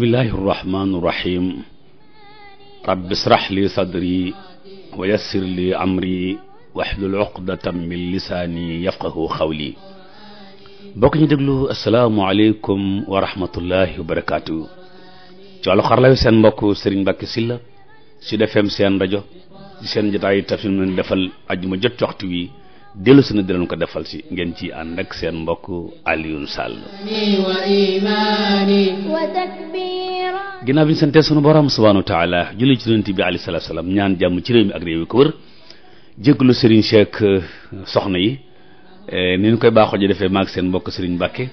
bismillahi irrahmani irrahim rabbi israh li sadri wa yassir li amri wahlul uqdatan min lisaani yafqahu xawli bokk ñu déglu asalaamualeykum wa rahmatullahi wa barakaatu ci wàllu xaralayu seen mbokk Serigne Mbacke Sylla Sud FM seen rajo ci seen jotaayu tafsir nañ defal ajuma jot waxtu dellusi na dinañ ko defal si ngeen ci ànd ak seen mbokk Alioune Sall ginnaaw bi ñu santee sunu borom subhanahu wa taala julli ci yonent bi alayhi salaatu salaam jàmm ci réew mi ak ko wër jéggalu Serigne euh, soxna yi euh, ni ñu koy baaxoo ji defee maag seen mbokk Serigne Mbacke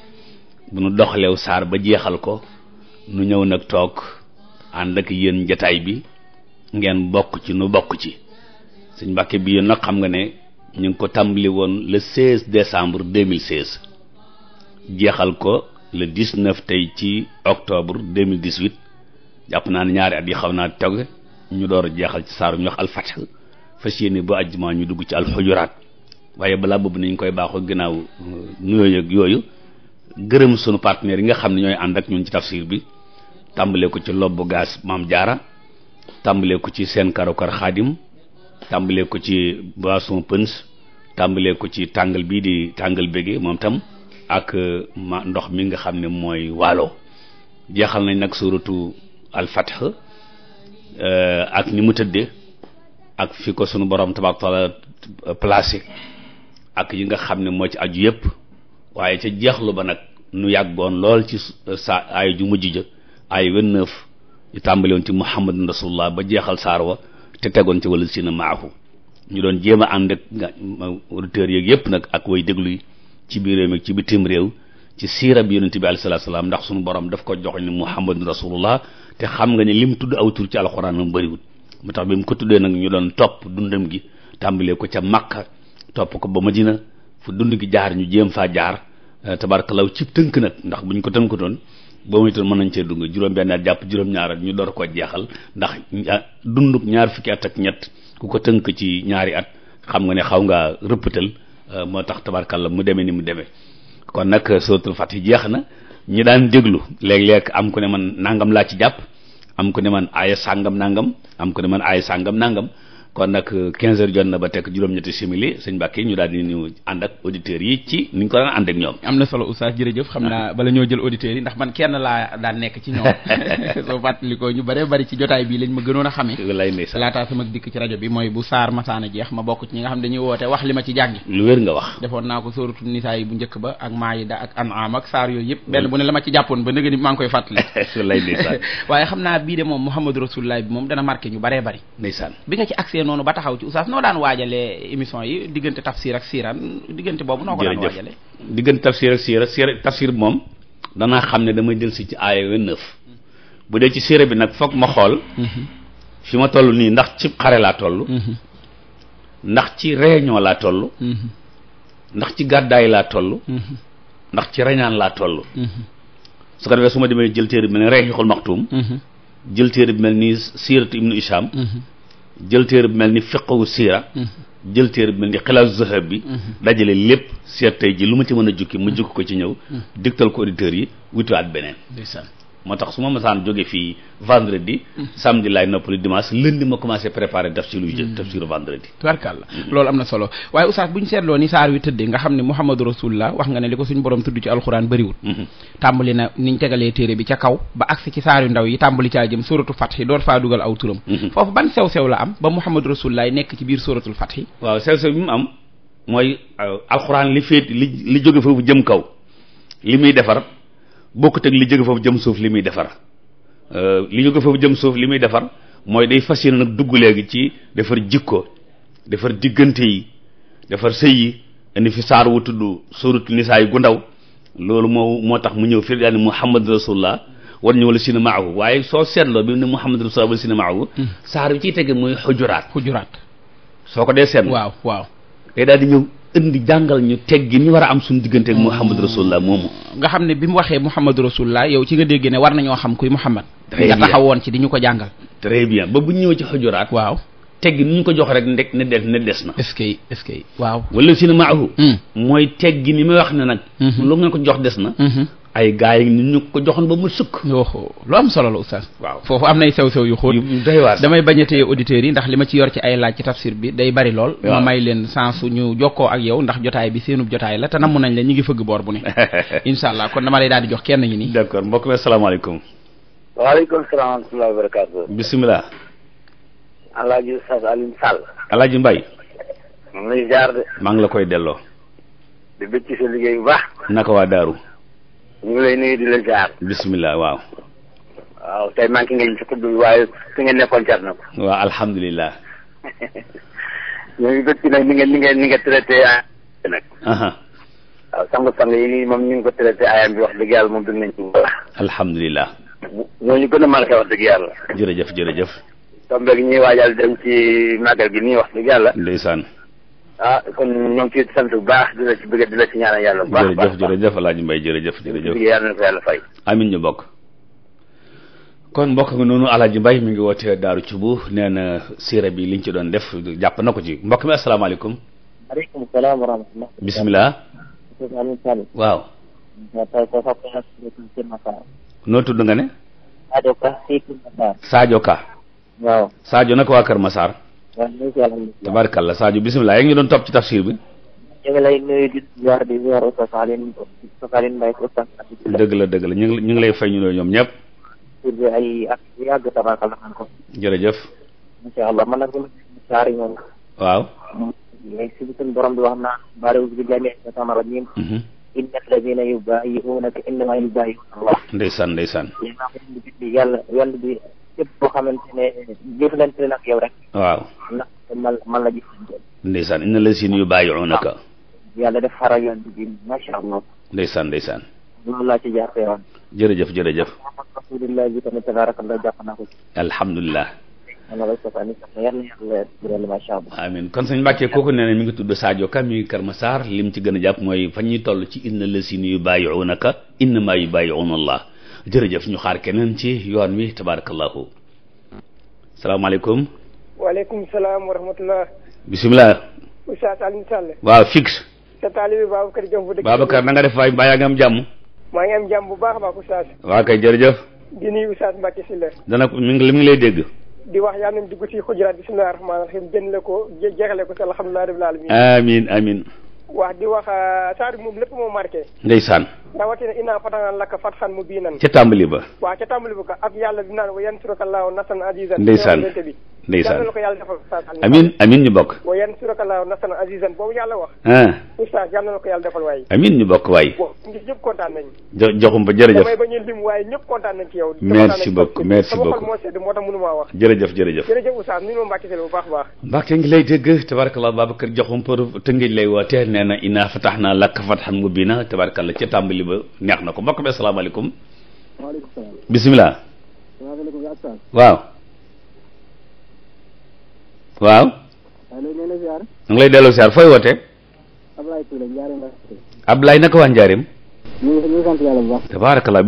bu nu doxalew saar ba jeexal ko nu ñëw nag toog ànd ak yéen njataay bi ngeen bokk ci nu bokk ci Serigne Mbacke bi yéen nag xam nga ne ñu ngi ko tàmbali woon le 16 décembre 2016 jeexal ko le 19 tey ci octobre 2018 jàpp naa ne ñaari at yi xaw naa teg ñu door a jeexal ci saaru ñu wax alfath fas bu ba ajjumaa ñu dugg ci alxujuraat waaye balaa boobu nañ koy baaxoo ginnaaw euh, nuyoo ak yooyu gërëm sunu partenaires yi nga xam ne ñooy ànd ak ñun ci tafsir bi tàmbalee ko ci lobbu gaas maam jaara tàmbalee ko ci seen karokar xaadim tàmbalee ko ci boisson pëns tàmbalee ko ci tàngal bii di tàngal bége moom tam ak euh, ma ndox mi nga xam ne mooy waalo jeexal nañ nag suratu al-Fath euh, ak ni mu tëddee ak fi ko sunu borom tabaaraka taala euh, ak yi nga xam ne mooy ci aju yépp waaye ca jeexlu ba nag nu yàggoon lool ci sa ay ju mujj ja ay 29 ñu tàmbale woon ci muhammadun rasulullah ba jeexal saar wa te tegoon ci wala sina maahu ñu doon jéem a ànd ak auditeurs yeeg yëpp nag ak way déglu ci biir réew ci ci tiim réew ci siira bi yonent bi alayhi salaatu salaam ndax suñu borom daf ko jox ni muhammadun rasulullah te xam nga ne lim tudd aw tur ci alxuraan moom bëriwul mu tax bi mu ko tuddee nag ñu doon topp dundam gi tàmbalee ko ca Makka topp ko ba ma Madina fu dund gi jaar ñu jéem faa jaar eh, tabarkalaw cib tënk nag ndax buñ ko tënkatoon boo muy mën nañ cee dund juróom-benn at jàpp juróom-ñaar at ñu door ko jeexal ndax dunduk ñaar fukki at ak ñett ku ko tënk ci ñaari at xam nga ne xaw ngaa rëppatal euh, moo tax tabarkàlla mu demee ni mu demee kon nag euh, suratul Fatih jeex na ñi daan déglu léeg-léeg am ku ne man nangam laa ci jàpp am ku ne man aaya sàngam nangam am ku ne man aaya sàngam nangam kon nag 15 euh, heures jot na ba tekk juróom-ñetti simili sëñ Mbacke ñu daal di ñu ànd ak auditeurs yi ci ni ko daan ànd ak ñoom. am na solo oustaz jërëjëf xam naa ah. bala ñoo jël auditeurs yi ndax man kenn laa daan nekk ci ñoom soo fàttalikoo ñu bëree bëri ci jotaay bii lañ ma gënoon a xamee. wallaay ndeysaan laataa sama dikk ci rajo bi mooy bu saar masaana jeex ma bokk ci ñi nga xam dañuy woote wax li ma ci jàngi. lu wér nga wax. defoon naa ko sóoratu nisaa bu njëkk ba ak maayida ak an'am yëpp benn bu ne la ma ci jàppoon ba nëgë ni moom Muhammadu Rasulullah bi moom dana marqué ñu bëree noonu ba taxaw ci oustaz noo daan waajale émission yi diggante tafsir ak siiraan diggante boobu noo ko daan waajalee diggante tafsir ak siira siira tafsir moom danaa xam ne damay jël ci aaya vingt-neuf bu dee ci siira bi nag foog ma xool fi ma toll nii ndax ci xare laa toll ndax ci réunion laa toll ndax ci gàddaay laa toll ndax ci reñaan laa toll su ko defee su ma demee jël téer bi mel ni Rayhul Maktum mhm. siiratu ibnu Hisham jël téere bu mel ni fiqhu siira mm-hmm. jël téere bi mel ni xilaasu zahab bi mm-hmm. dajale lépp seet tey ji lu ma ci mën a jukki ma jukki ko ci ñëw mm-hmm. digtal ko auditeurs yi wutiwaat beneen moo tax su ma masaan jóge fii vendredi mm. samedi laay noppali dimanche lundi ma commencé préparer tafsir yu jël mm. tafsir vendredi tubarkàlla mm. loolu am na solo waaye oustaz bu ñu seetloo ni saar wi tëdde nga xam ne muhammadu rasulullah wax nga ne li ko suñu borom tudd ci alxuraan bëriwul mm-hmm. tàmbali na niñ tegalee téere bi ca kaw ba agsi ci saar yu ndaw yi tàmbali caa jëm suratul fatxi door faa dugal aw turam mm-hmm. foofu ban sew-sew la am ba muhammadu rasulullah nekk ci biir suratul fatxi waaw sew-sew bi mu am mooy euh, alxuraan li féet li li jóge foofu jëm kaw li muy defar bokkut ak li jóge foofu jëm suuf li muy defar euh, li jóge foofu jëm suuf li muy defar mooy day fas yéene nag dugg léegi ci defar jikko defar diggante yi defar sëy yi indi fi saar wu tudd suratul nisaa gu ndaw loolu moo moo tax mu ñëw fii daal ni muhammad rasulullah war ñu wala sina maahu waaye soo seetloo bi mu ne muhammad rasulullah wala sina maahu hmm. saar bi ciy tege muy xujuraat xujuraat soo ko dee seetlu waaw waaw day daal ñëw indi jàngal ñu teggi ñu war a am suñu diggante ak Muhammad moomu nga xam ne bi mu waxee Muhammad Rasulullah yow ci nga dégg ne war nañoo xam kuy Muhammad nga taxawoon ci di ñu ko jàngal très bien ba bu ñëwee ci xujuraat waaw teggi ni ñu ko jox rek ne des na est-ce que est-ce que waaw wala si hmm. mooy teggi ni may wax ne nag hmm. lu ngeen ko jox des na hmm. ay gaay yi ñu ko joxoon ba mu sukk lu am solo la oustaz waaw foofu am na sew-sew yu xóot yu doy damay bañ a auditeurs yi ndax li ma ci yor ci ay laaj ci tafsir bi day bari lool ma may leen sens ñu jokkoo ak yow ndax jotaay bi seenub jotaay la te namm nañ la ñu ngi fëgg boor bu ne incha allah kon dama lay daal di jox kenn ñi nii d'accord mbokk mi asalaamaaleykum waaleykum salaam wa rahmatulah wa barakatu bisimilah alaaji oustaz maa ngi la koy delloo di bëcc sa liggéey bu baax naka waa daaru ñu ngi lay nuyu di la ziar. bisimilah waaw. waaw tey manqué ngeen ci tudd waaye fi ngeen nekkoon jar na ko. waaw alhamdulilah. ñu ngi bëgg nag ni ngeen ni ngeen ni ngeen traité aayam nag. waaw sang-sang yi moom ñu ngi ko traité aayam bi wax dëgg yàlla moom dinañ ci wax. alhamdulilah. ñooñu gën a marqué wax dëgg yàlla. jërëjëf jërëjëf. tombeeg ñuy waajal dem ci màggal gi nii wax dëgg yàlla. ndeysaan. ah kon ñoo ngi sant bu baax di la ci bëgg yàlla bu baax baax jërëjëf jërëjëf Alaaji Mbay jërëjëf jërëjëf na amin ñu bokk kon mbokk mi noonu Alaaji Mbay mi ngi woote daaru cubu nee na siira bi liñ ci doon def jàpp na ko ci mbokk mi asalaamaaleykum aleykum salaam wa rahmatullah bismillah waaw noo tudd nga ne Sadio Ka Sadio Ka waa Kër Massar tabaarakallah Sadio bisimilah yaa ngi doon topp ci tafsir bi. ñu ngi lay nuyu di ziar di ziar Oustaz Alioune Oustaz Alioune Mbaye Oustaz. dëgg la dëgg la ñu ngi ñu ngi lay fay ñu ñoom ñëpp. tur bi ay at yu yàgg tabaarakallah man ko. jërëjëf. incha allah man nag ñu ngi saari ñoom. waaw. léegi si suñu borom bi wax naa bariwul bi jami satan rajim. Mhm. inna alladina yubayiunaka innama yubayuna allah. ndeysaan ndeysaan. yàlla yàlla bi. képp boo xamante ne jëflante nag yow rek. waaw ndax man man la jëfandikoo. ndeysaan inna la siin yu bàyyi unaka. yàlla def faral yoon bi macha allah. ndeysaan ndeysaan. loolu laa ci jaar teewoon. jërëjëf jërëjëf. alhamdulilah bi tamit tabaarakallah jàpp naa ko. alhamdulilah. amiin kon sëñ Mbàkke kooku nee na mi ngi tudd Sadio Ka mi ngi Kër Massar lim ci gën a jàpp mooy fa ñuy toll ci inna la siin yu bàyyi unaka innamaa yu bàyyi unallah jërëjëf ñu xaar keneen ci yoon wi tabarakallahu salaamaaleykum. waaleykum salaam wa rahmatullah. bisimilah. Oustaz Alioune Sall. waaw fixe. sa taalibi Babacar Diop bu dëkk. na nga def waay mbaa yaa ngi am jàmm. bu baax a baax Oustaz. waa kay jërëjëf. di nuyu Oustaz Mbacke Sylla. dana ko mi ngi li mu ngi di wax yàlla nañ dugg ci xujuraat bisimilah rahmaani rahiim jën la ko jeexale ko ci alhamdulilah rabbil alamin. amiin waaw di wax euh, saar bi moom lépp moo marqué. ndeysaan. rawatina innaa fatahnaa laka fathan mubiinan. ca tàmbali ba. waaw ca tàmbali ba ak yàlla dinaan wa yansurakallaahu nasran aziizan. ndeysaan bi. ndeysaan la ko yàlla defal amin amin ñu bokk wa yansurakallaahu nasran azizan boobu yàlla wax ah. oustaz yàlla na ko yàlla defal waaye amin ñu bokk waaye ngir ñëpp kontaan nañ joxum ba jërëjëf damay ba ñu lim waaye ñëpp kontaan nañ ci yow merci beaucoup merci beaucoup moo sedd moo tax mënu maa wax jërëjëf jërëjëf jërëjëf oustaz ñu ma Mbàkke bu baax baax Mbàkke ngi lay dégg tabarakallah Babacar joxum pour tëngëj lay wootee nee na inaa fatahnaa laka fathan mubiinaa tabarakallah ca tàmbali ba neex na ko mbokk bi asalaamaaleykum waaleykum salaam waaw waaw. ñu ngi lay delloo siyaar fooy wootee. Ablaye Touré Ndiarème Mbacke. Ablaye naka waa Ndiarème. ñu ngi bu baax. tabaarakallah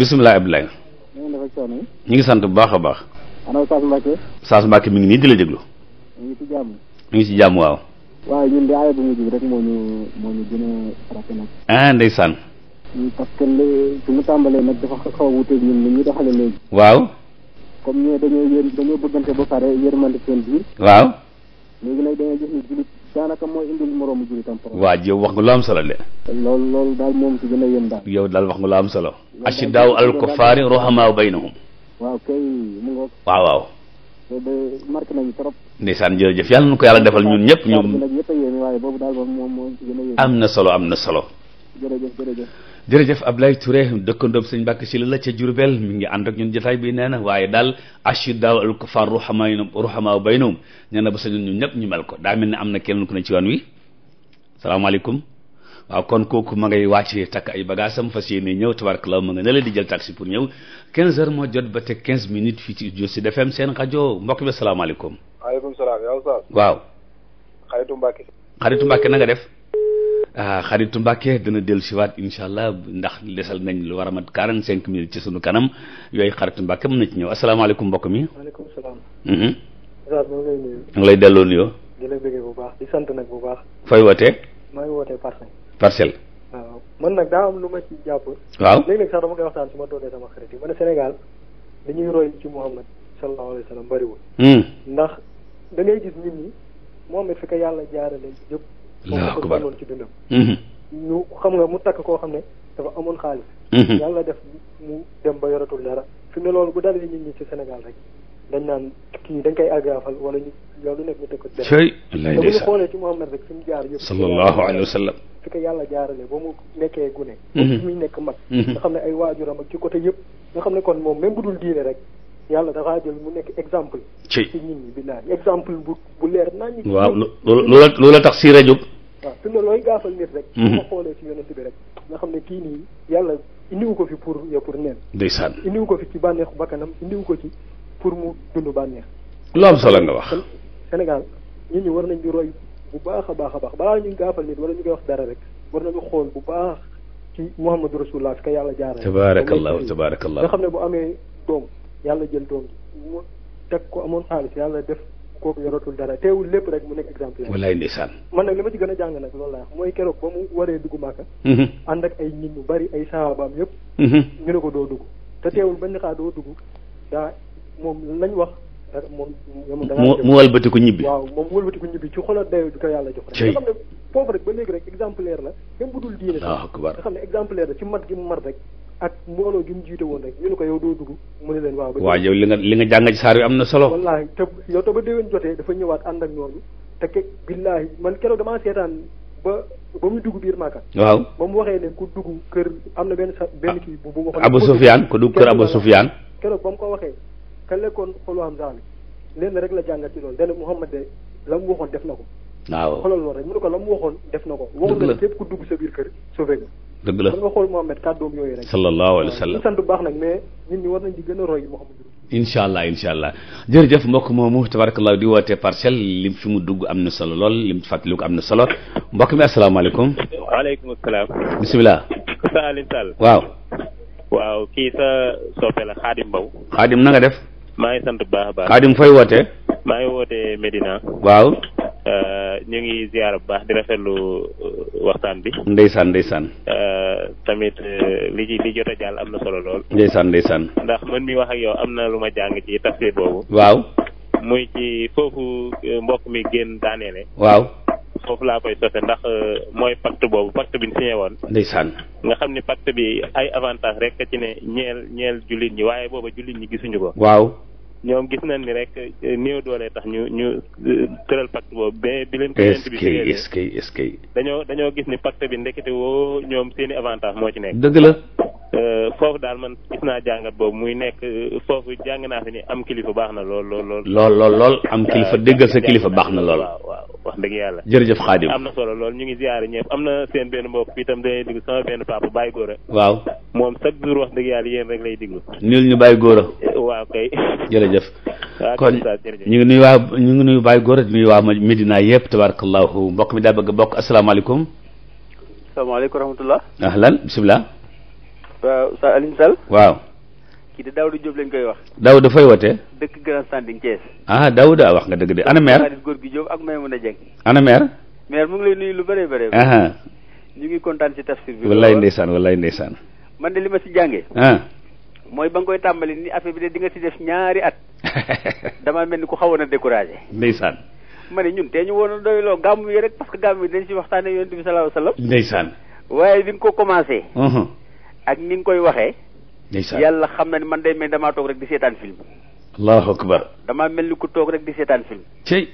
ngi sant bu baax a baax. ana Saas Mbacke. mi ngi di déglu. ñu ngi ci jàmm. ñu ngi aaya bu mujj rek moo ñu moo ñu gën a frappé nag. ah ndeysaan. parce que li fi mu tàmbalee nag dafa xaw a wuteeg ñun ni ñu doxalee léegi. waaw. comme ñoo dañoo bëggante ba pare yërmande seen biir. waaw. léegi nag da waa ji wax nga lu am solo de loolu daal moom si gën a daal yow daal wax nga lu am solo ashiddaaw alal kuffaari rohamaa baynahum waaw kay waaw waaw marqué nañu trop ndeysaan jërëjëf ko yàlla defal ñun ñëpp ñu am na solo am na solo jërëjëf Ablaye Touré dëkkandoom sëñ Mbàkke si la ca Jurbel mi ngi ànd ak ñun jotaay bi nee na waaye daal ashiddaa'u alal kuffaar ruhamaa'u baynahum nee na ba sañoon ñun ñëpp ñu mel ko daa mel ni am na kenn ku ne ci yoon wi salaamaaleykum waaw kon kooku ma ngay wàcc takk ay bagaasam fas yéene ñëw tabarkalla ma nga ne la di jël taxi pour ñëw 15 heures moo jot ba te 15 minutes fii ci Sud FM seen rajo mbokk bi salaamaaleykum. waaleykum salaam yow waaw. xaritu Mbàkke. xaritu Mbàkke na nga def. ah euh, xaritu Mbàkke dana dellu siwaat incha allah ndax desal nañ lu war a mat quarante cinq minutes ci suñu kanam yooyu xaritu Mbàkke mën na ci ñëw asalaamaaleykum mbokk mi. maaleykum salaam. Mm-hmm. ngi lay delloo nuyoo. di la bëggee bu baax di sant nag bu baax. fooy wootee. maa ngi wootee parcelle. parcelle. waaw man nag daa am lu ma ci jàpp. waaw léeg-léeg sax dama koy waxtaan su ma doonee sama xarit yi ma Sénégal dañuy roy ci Muhammad sallallahu alayhi wa sallam bariwul. Hmm. ndax da ngay gis nit ñi moom fi ko yàlla jaaralee jëpp allahu akbar ci dundam ñu mhm. xam nga mu takk koo xam ne dafa amoon xaalis mhm. yàlla def mu dem ba yoratul dara fi mu ne loolu bu dalee nit ñi ci Sénégal rek dañ naan kii dañ koy aggaafal wala ñu lu nekk ñu te ko cëy wallaay ndeysaan xoolee ci Muhammad rek fi mu jaar yëpp sallallahu alayhi yàlla jaarale ba mu nekkee gune mhm. ba muy nekk mag nga xam ne ay waajuram ak ci côté yëpp nga xam ne kon moom même bu dul diine rek yàlla dafaa jël mu nekk exemple. ci exemple bu bu leer naa ñu. waaw loola loola tax siira jóg. waaw fi mu ne looy gaafal nit rek. Mhm. bu ma xoolee ci yonent bi nga xam ne kii nii yàlla indiwu ko fi pour yow pour neen. ndeysaan indiwu ko fi ci bànneexu bakkanam indiwu ko ci pour mu dund bànneex. lu am solo nga wax. Sénégal nit ñi war nañ di roy bu baax a baax a baax balaa ñuy gaafal nit wala ñu koy wax dara rek war nañu xool bu baax ci Muhammadu Rasulullah fi ka yàlla jaarale. tabaarakallahu tabaarakallahu nga xam ne bu amee doom. yàlla jël doom ji mu teg ko amoon xaalis yàlla def kooku yoratul dara teewul lépp rek mu nekk exemple wallaay ndeysaan man nag li ma ci gën a jàng nag loolu laa mooy keroog ba mu waree dugg Màkka mhm. ànd ak ay nit ñu bari ay saabaam yëpp mhm. ñu ne ko doo dugg te teewul bañ ne xaa doo dugg daa moom lañ wax eh, moom mu wëlbatiku ñibbi waaw moom mu wëlbatiku ñibbi ci xoolal dayo bi ko yàlla jox rek nga xam ne foofu rek ba léegi rek exemplaire la même bu dul diine sax ci mat gi mu mat rek ak mbooloo gi mu jiite woon rek ñu ne ko yow doo dugg mu ne leen waaw. waaw yow li nga li nga jàng ci saar bi am na solo. wallaahi te yow te ba déwén jotee dafa ñëwaat ànd ak ñooñu te ke billaahi man keroog damaa seetaan ba ba mu dugg biir Màkka. waaw ba mu waxee ne ku dugg kër am na benn sa benn ah, kii. bu ma ko Abu Sufyaan ku dugg Abu Sufyaan. keroog ba mu ko waxee ka lekkoon xolu Hamza bi lenn rek la jàngat ci loolu dana Muhammad de la mu waxoon def na ko. waaw loolu rek mu ne ko la mu waxoon def na ko. dëgg na képp ku dugg sa biir kër sauvé dëgg la kon nga xool Mouhamed kàddoom yooyu rek. sallallahu alayhi wa bu baax nag mais nit a roy incha allah incha allah jërëjëf mbokk moomu tabarakallah di woote parcelle lim fi mu dugg am na solo lool lim fàttali am na solo mbokk mi asalaamaaleykum. waaleykum salaam. bisimilah. Sa Alioune Sall. waaw. waaw kii sa soppe la Xaadim Xaadim na def. maa ngi sant bu baax a di mu fay wootee. maa ngi wootee Medina. waaw. Euh, ñu ngi ziar bu baax di rafetlu euh, waxtaan bi. ndeysaan ndeysaan. Euh, tamit li ci li jot a jàll am na solo lool. ndeysaan ndeysaan. ndax man mi wax ak yow am na lu ma jàng ci tafsir boobu. waaw. muy ci foofu mbokk mi génn daaneele. waaw. foofu laa koy sose ndax mooy pacte boobu pacte bi ñu signé woon. saan nga xam ni pacte bi ay avantage rek ci ne ñeel ñeel jullit ñi waaye booba jullit ñi gisuñu ko. waaw. ñoom gis nañ ni rek eh, néew doole tax ñu ñu eh, tëral pacte boobu ben bi leen. est-ce que est-ce que est-ce dañoo dañoo gis ni pacte bi ndekete woo ñoom seeni avantage moo ci nekk. dëgg Euh, foofu daal man gis naa jàngat boobu muy nekk euh, foofu jàng naa fi ni am kilifa baax na lool lool lool. lool lool lool am kilifa euh, déggal sa kilifa baax na lool. dëgg yàlla. jërëjëf Xaadim am na solo lool ñu ngi ziare ñëpp am na seen benn mbokk fii itam dañuy diglu sama benn papa Baye Gora. waaw moom chaque jour wax dëgg yàlla yéen rek lay diglu. nil ñu Baye Gora. waaw kay. jërëjëf. kon ñu ngi nuyu waa ñu ngi nuyu Baye Gora di nuyu waa Medina yëpp tabarakallahu mbokk mi daal bëgg a bokk asalaamaaleykum. asalaamaaleykum rahmatullah ahlan bisimilah waaw sa Alioune waaw. kii de Daouda Diop lañ koy wax. Daouda dafay wote. dëkk Grand Standing Thiès. ah Daouda wax nga dëgg de ana maire. góor gi Diop ak Maimouna Dieng. ana maire. maire mu ngi lay nuyu lu bare bëri. ñu ngi kontaan ci tafsir bi. wallaay ndeysaan wallaay ndeysaan. man de li ma si jàngee. Ah. mooy ba nga koy tàmbali ni affaire bi de di nga si def ñaari at. damaa mel ni ku xawoon a découragé. ndeysaan. ma ne ñun te ñu woon a doyloo gàmm yi rek parce que gàmm yi dañ si waxtaanee yonent bi salaahu salaam. ndeysaan. waaye bi ak ni nga koy waxee. yàlla xam na ne man day mel damaa toog rek di seetaan film. allahu akbar. damaa mel ni ku toog rek di seetaan film. cey.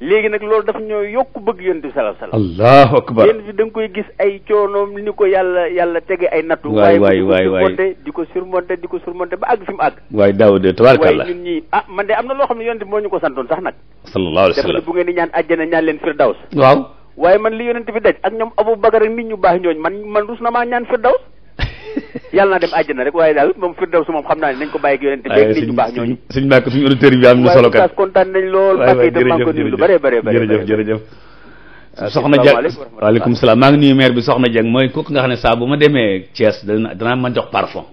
léegi nag loolu dafa ñoo yokk bëgg yonent bi sallallahu alayhi wasallam. allahu akbar yéen fi da nga koy gis ay coonoom ni ko yàlla yàlla tege ay nattu. waay waay waay waaye di ko surmonté di ko surmonté ba àgg fi mu àgg. waay daaw de tabaarkalla la ñun ñii ah man de am na loo xam ne yonent moo ñu ko santoon sax nag. sallallahu alayhi wasallam bu ngeen di ñaan àjjana ñaan leen firdaws. waaw waaye man li yonent bi daj ak ñoom Abubakar ak nit ñu baax ñooñu man man rus na maa ñaan yàlla naa dem àjjana rek waaye daal moom firdaws moom xam naa ne nañ ko bàyyi ak yonente beeg nit ñu baax ñooñu suñ na solo kat kontaan nañ lool maa ngi ko nuyu bi soxna Dieng mooy kooku nga xam ne saa ma demee Thiès dana danaa ma jox parfum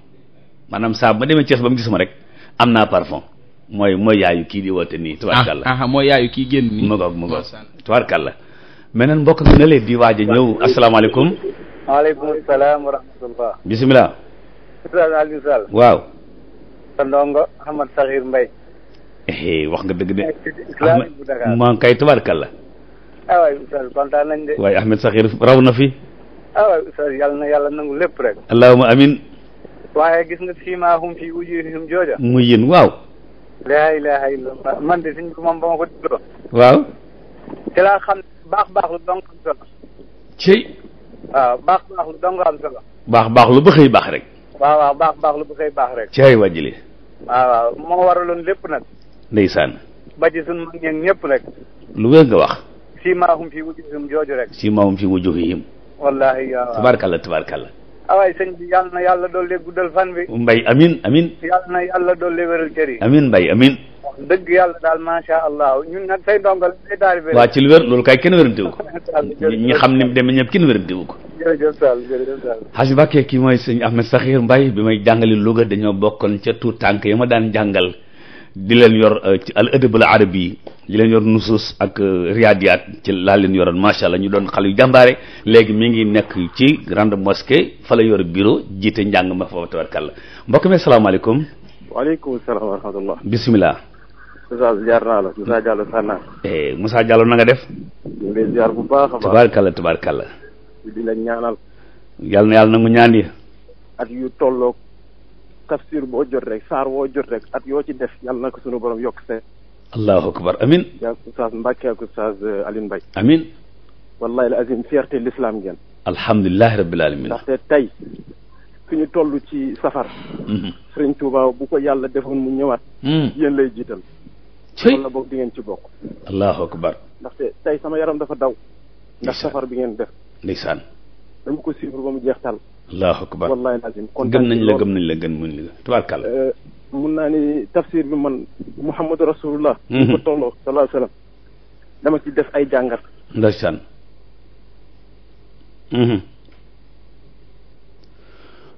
maanaam saa bu ma demee Thiès ba mu gis ma rek am naa parfum mooy mooy yaayu kii di woote nii tubaarkàlla ah, ah, ah, mooy yaayu kii leen di waaj a ñëw asalaamaaleykum maaleykum salaam wa rahmatullah. bisimilah. Oustaz Alioune Sall. waaw. sa ndongo Ahmad Sakhir wax nga dëgg de. kay tubaarkalla. ah waay Oustaz kontaan nañ de. waaye Ahmed Sakhir raw na fi. ah waay Oustaz yàlla na yàlla nangu lépp rek. allahumma amin waaye gis nga siimaahum fi wujuuhihim jooja. muy waaw. laa ilaaha illallah man de suñ ko moom ma ko dégloo. waaw. ci xam baax baax lu doon xam solo. waaw baax baax lu am solo. baax baax lu ba xëy baax rek. waaw waaw baax baax lu ba xëy baax rek. ci ay wàjjile. waaw waaw moo waraloon lépp nag. ndeysaan. ba ci sunu mag ñeeg rek. lu wér nga wax. siimaahum fi wujuhihim jooju rek. siimaahum fi wujuhihim. wallaahi waaw tabaarkalla tabaarkalla. awaay sëñ bi yàlla na yàlla doole guddal fan bi. mbay amin amin yàlla na yàlla doole wéral cër yi. amin mbay amin dëgg yàlla daal macha allah ñun nag say ndongal say taalibe. waa ci lu wér loolu kay kenn wérantewu ko. ñi xam ni mu demee ñëpp kenn wérantewu ko. jërëjëf Sall jërëjëf Sall. Xaji kii mooy sëñ Ahmed Sakhir mbay bi may jàngali Louga dañoo bokkoon ca tuut tànk yi ma daan jàngal. di leen yor euh, ci al adab al arab yi di leen yor nusus ak euh, riyaadiyaat ci laa leen yoroon macha allah ñu doon xale yu jàmbaare léegi mi ngi nekk ci grande mosquée fa la yor bureau jiite njàng ma fa tabarkàlla mbokk mi asalaamaaleykum. waaleykum salaam wa rahmatullah. bisimilah. Moussa ziar naa la Moussa Diallo Sanna. Eh, Moussa def. ñu bu baax a baax tabarkàlla la ñaanal. yàlla na yàlla na mu ñaan yi. at yu tolloog tafsir boo jot rek saar woo jot rek at yoo ci def yàlla na ko sunu borom yokk see. allahu akbar amin. yaa Oustaz Mbacke ak Oustaz euh, Alioune Mbaye. amin. wallahi la azim fierté l'islam ngeen. alhamdulilah rabbil alamin. ndaxte tey fi ñu toll ci safar. Mhm. Sëriñ Touba bu ko yàlla defoon mu ñëwaat. Mhm. yéen lay jiital. sëy wala boog di ngeen ci bokk. allahu akbar. ndaxte tey sama yaram dafa daw. ndax safar bi ngeen def. ndeysaan. dama ko suivre ba mu jeex tal allahu akbar wallahi lazim gëm nañ la gëm nañ la gën muñ la tubaarkàlla euh, mun naa ni tafsir bi man muhammadu rasulullah mhm. ko tolloo sallallahu alayhi wa dama ci def ay jàngat ndeysaan mhm.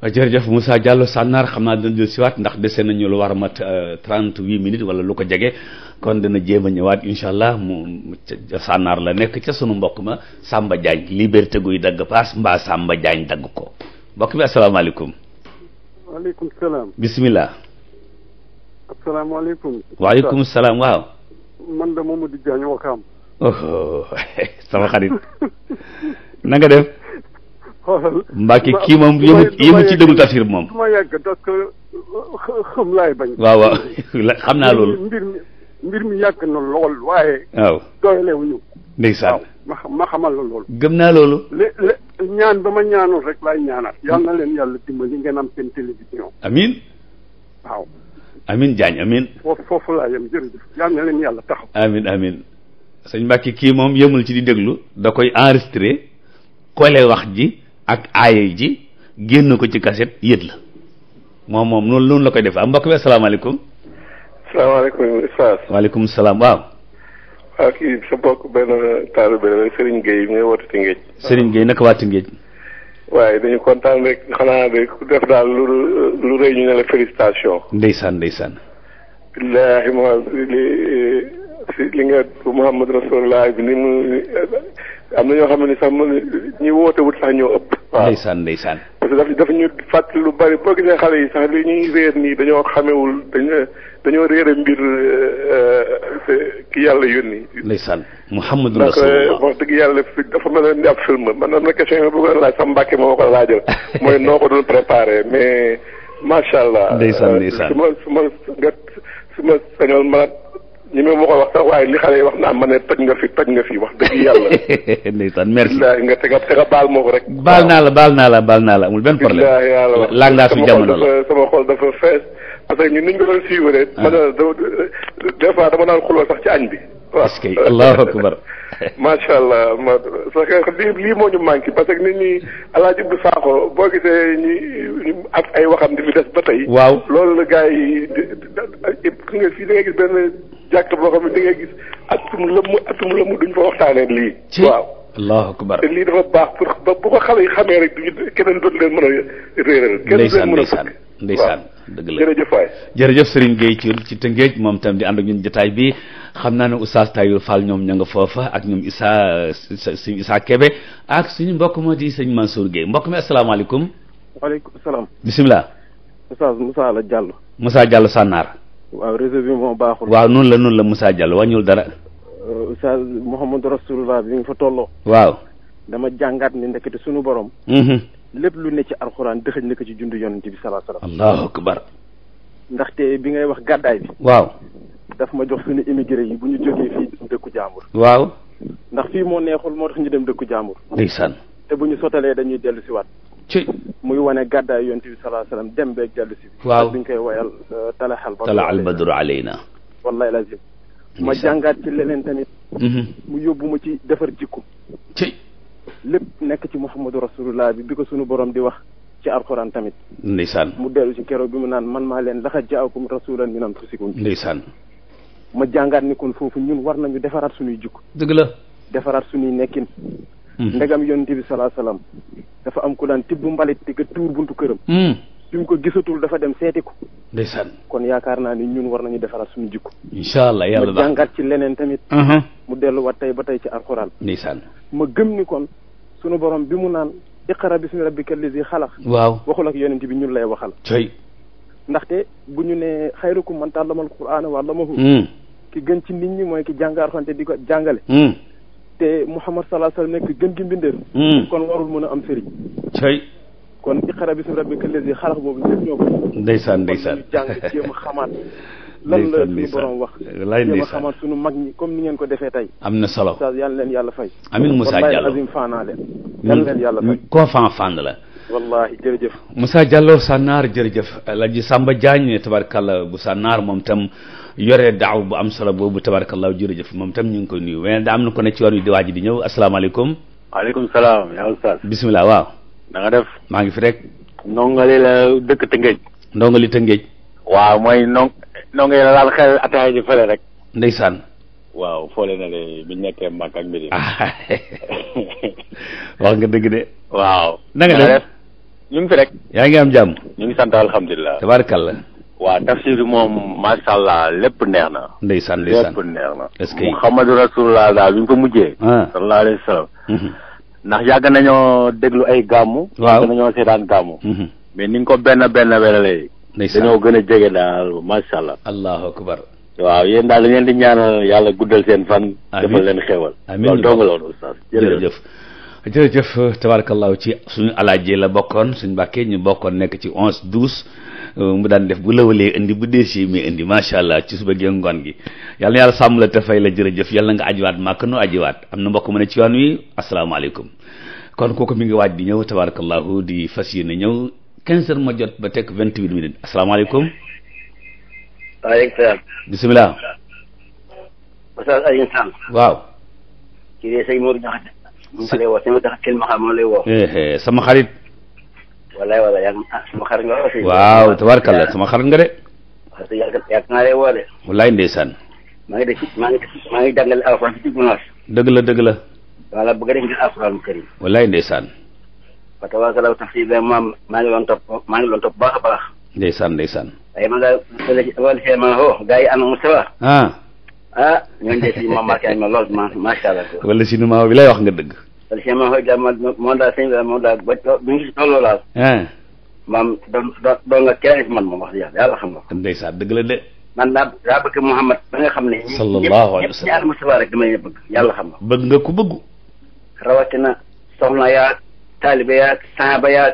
jërëjëf Moussa Diallo Sànnaar xam naa dina jël siwaat ndax dese nañu lu war a mat euh, trente huit minutes wala lu ko jege kon dina jéem a ñëwaat incha allah mu Sànnaar la nekk ca sunu mbokk ma Samba Diagne liberté guy dagg paas mbaa Samba Diagne dagg ko mbokk mi asalaamaaleykum. waaleykum salaam. bisimilah. asalaamaaleykum. waaleykum salaam waaw. man de Mamadou Diagne Wakaam. sama xarit na nga def. xoolal kii moom yëmu ci déglu tafsir moom. ma yàgg parce que xam naa loolu. mbir mi mbir mi yàgg lool waaye. waaw ndeysaan ma xamal la loolu. gëm naa loolu. li ñaan ba ma ñaanul rek laay ñaanaat. yal na leen yàlla dimbali ngeen am seen télévision. amiin. waaw. amiin Diagne amiin. foofu laa yem jërëjëf yal na leen yàlla taxaw. amiin amiin sëñ Mbacke kii moom yemul ci di déglu da koy enregistré collé wax ji ak aaye ji génn ko ci kaset yët la moom moom noonu noonu la koy def am ah, mbokk bi asalaamaaleykum. asalaamaaleykum Oustaz. waaleykum salaam waaw. ak kii sa bokk benn taalibe la Serigne Gueye mi ngi woote Tingeej. Serigne Gueye naka waat Tingeej. waaye dañu kontaan rek xanaa de ku def daal lu lu rëy ñu ne la félicitation. ndeysaan ndeysaan. billaahi ma li si li nga Muhammad Rasulullah bi ni mu am na ñoo xam ne sax ñi woote wut sax ñoo ëpp. waaw ndeysaan ndeysaan. parce que daf dafa ñu fàttali lu bari boo gisee xale yi sax li ñuy réer nii dañoo xamewul dañoo dañoo réere mbir euh, euh, ki yàlla yónni. ndeysaan Muhammadu euh, Rasulullah wax dëgg yàlla fi dafa mel ni ab film man am na question bu ko laaj sax ko laajal mooy noo ko doon préparé mais macha allah. ndeysaan ndeysaan su ma su ma nga su ma sañoon ma. ñu ma ko wax sax waaye li xale yi wax naa ma ne toj nga fi toj nga fi wax dëgg yàlla. ndeysaan nga te nga te nga baal moo ko rek. baal naa la baal naa la baal naa la amul benn problème. yàlla langage su jamono la sama xol dafa fees. parce que ñun ni ñu ko doon suivre. sax ci añ bi. waaw est-ce akbar. macha allah ma parce que lii moo ñu manqué parce que ni ñi El Hadj Abdou Sakho boo gisee ñi ak ay waxam di fi des ba tey. waaw loolu la gars yi di nga gis benn. jàkk boo xam ne da ngay gis atum lëmm atum lëmm duñ fa waxtaanee lii. waaw allahu akbar te lii dafa baax bu ko xamee rek duñu keneen dootu leen mën a réeral. ndeysaan ndeysaan ndeysaan dëgg la jërëjëf waay jërëjëf Serigne ci ci Tëngéej moom tam di ànd ak ñun jotaay bi xam naa ne Oustaz Tayul Fall ñoom ña nga foofa ak ñoom Issa suñu Issa Kébé ak suñu mbokk ma di sëñ Mansour Gueye mbokk mi asalaamaaleykum. waaleykum salaam. bisimilah. Oustaz Moussa la Diallo. Moussa Diallo Sannar. waaw réseau bi moo baaxul. waaw noonu la noonu la Moussa Diallo wàññul dara. Euh, Oustaz Mouhamadou Rasulullah bi nga fa tolloo. waaw. dama jàngaat ni ndekete suñu borom. Mhm. lépp lu ne ci alxuraan dëxëñ na ko ci jundu yonent bi salaa salaam. allahu akbar. ndaxte bi ngay wax gàddaay bi. waaw. daf ma jox suñu immigré yi bu ñu jógee fii dëkku jaambur. waaw. ndax fii moo neexul moo tax ñu dem dëkku jaambur. ndeysaan. te bu ñu sotalee dañuy dellu si waat. ci muy wone gàddaay yonent bi sallallahu alayhi dem be dellu si. waaw bi ñu koy woyal talaxal. talaxal badru alayna. wallahi lazim ma jàngaat ci leneen tamit. Mhm. mu yóbbu ma ci defar jikko. ci lépp nekk ci Muhammadu Rasulullah bi bi ko sunu borom di wax ci alxuraan tamit. ndeysaan mu dellu ci keroog bi mu naan man maa leen laqad jaakum rasulan min anfusikum. ndeysaan. ma jàngaat ni kon foofu ñun war nañu defaraat suñuy jikko. dëgg defaraat suñuy nekkin. Mm-hmm. ndegam yonent bi salaa salaam dafa am ku daan tibb mbalit di ko tuur buntu këram. Mm. bi mu ko gisatul dafa dem seeti ko. ndeysaan kon yaakaar naa ni ñun war nañu defaraat suñu jikko. incha allah yàlla ma jàngat ci leneen tamit. Mm-hmm. mu delluwaat tey ba tey ci alxuraan. ndeysaan ma gëm ni kon sunu borom bi mu naan iqra bismi rabbika allazi xalaq. waaw waxul ak yonent bi ñun lay waxal. tey ndaxte bu ñu ne nee xayrukum man tàllamal qur'aana wàllamahu. Mm. ki gën ci nit ñi mooy ki jàngaar xante di ko jàngale. Mm. te Muhammad salaa sallam nekk gën gi mbindeef hmm. kon warul mun a am sëriñ tey kon iqra bismi rabbika lazi xalaq boobu ñëpp ñoo ko ndeysaan ndeysaan jàng jéem xamaat lan la suñu borom wax lay jéem a xamaat suñu mag ñi comme ni ngeen ko defee tey am na solo sa yal leen yàlla fay amin Moussa Diallo azim faanaa leen yal leen yàlla fay koo fan fànn la wallahi jërëjëf Moussa Diallo Sannar jërëjëf El Hadj Samba Diagne tabarkàlla bu moom tam yore daaw bu am solo boobu tabarakallahu jërëjëf moom tam ñu ngi koy nuyu waaye da am na ko ne ci yoon wi di waaj di ñëw asalaamaaleykum waaleykum salaam yaa ustaz bisimilah waaw na def maa ngi fi rek ndongali la dëkk Tëngéej ndongali Tëngéej waaw mooy ndong ndongali la daal xel ataaya ji fële rek ndeysaan waaw foole na de bi nekkee Màkka ak Medina ah, wax nga dëgg de waaw na def ñu ngi fi rek yaa ngi am jàmm ñu ngi sant alhamdulilah tabarakallah waaw tafsir bi moom macha allah lépp neex na. ndeysaan ndeysaan lépp neex na. est-ce que Muhammadu Rasulullah daal bi ñu ko mujjee. Ah. sallallahu alayhi wa sallam. Mhm. ndax yàgg nañoo déglu ay gàmmu. waaw yàgg nañoo seetaan gàmmu. Mhm. mais ni nga ko benn benn weralee. ndeysaan dañoo gën a jege daal macha allah. allahu akbar. waaw yéen daal dañ di ñaanal yàlla guddal seen fan. amiin defal leen xéwal. amiin loolu dong jërëjëf tabarakallahu ci suñu alaaji la bokkoon suñu mbàkkee ñu bokkoon nekk ci onze douze euh, mu daan def bu lawalee indi bu déchets mi indi macha allah ci suba gi ngoon gi yàlla na yàlla sàmm la te fay la jërëjëf yàlla na nga ajiwaat màkk noo ajiwaat am na mbokk mu ne ci yoon wi asalaamaaleykum kon kooku mi ngi waaj di ñëw tabarakallahu di fas yéene ñëw quinze heures ma jot ba teg vingt huit minutes asalaamaaleykum. waaleykum waaw. mu fa lay woo sa tax kilma xam moom lay woo. Eh, eh, sama xarit. walaay walaay yaa ah sama nga aussi. waaw tabarkalla sama xarit nga de. wax dëgg yàgg yàgg naa lay woo de. walaay ndeysaan. maa ngi def maa ngi maa ngi jàngale alxuraan ci dimanche. dëgg la dëgg la. voilà bëgg nañ ngir alxuraan karim. walaay ndeysaan. parce que waa Kalaw tax si ba maam maa ngi doon topp maa ngi doon topp baax a baax. ndeysaan ndeysaan. waaye man daal li ma la wax oh, gaa ah ñooñu de si moom marqué nañ ma lool ma macha allah. wala si numéro bi lay wax nga dëgg. wala si ma xëy na moom daal sëñ bi moom daal ba mi ngi si tolloo daal. Ah. maam doon doon nga keneen si man moom wax dëgg yàlla yàlla xam nga. ndeysaan dëgg la de. man daa daa bëgg Mouhamad ba nga xam ne. sallallahu alayhi wa sallam ñëpp ñaar Mustafa rek dama bëgg yàlla xam nga. bëgg nga ku bëggu. rawatina soxna yaag taalibe yaag sahaba yaag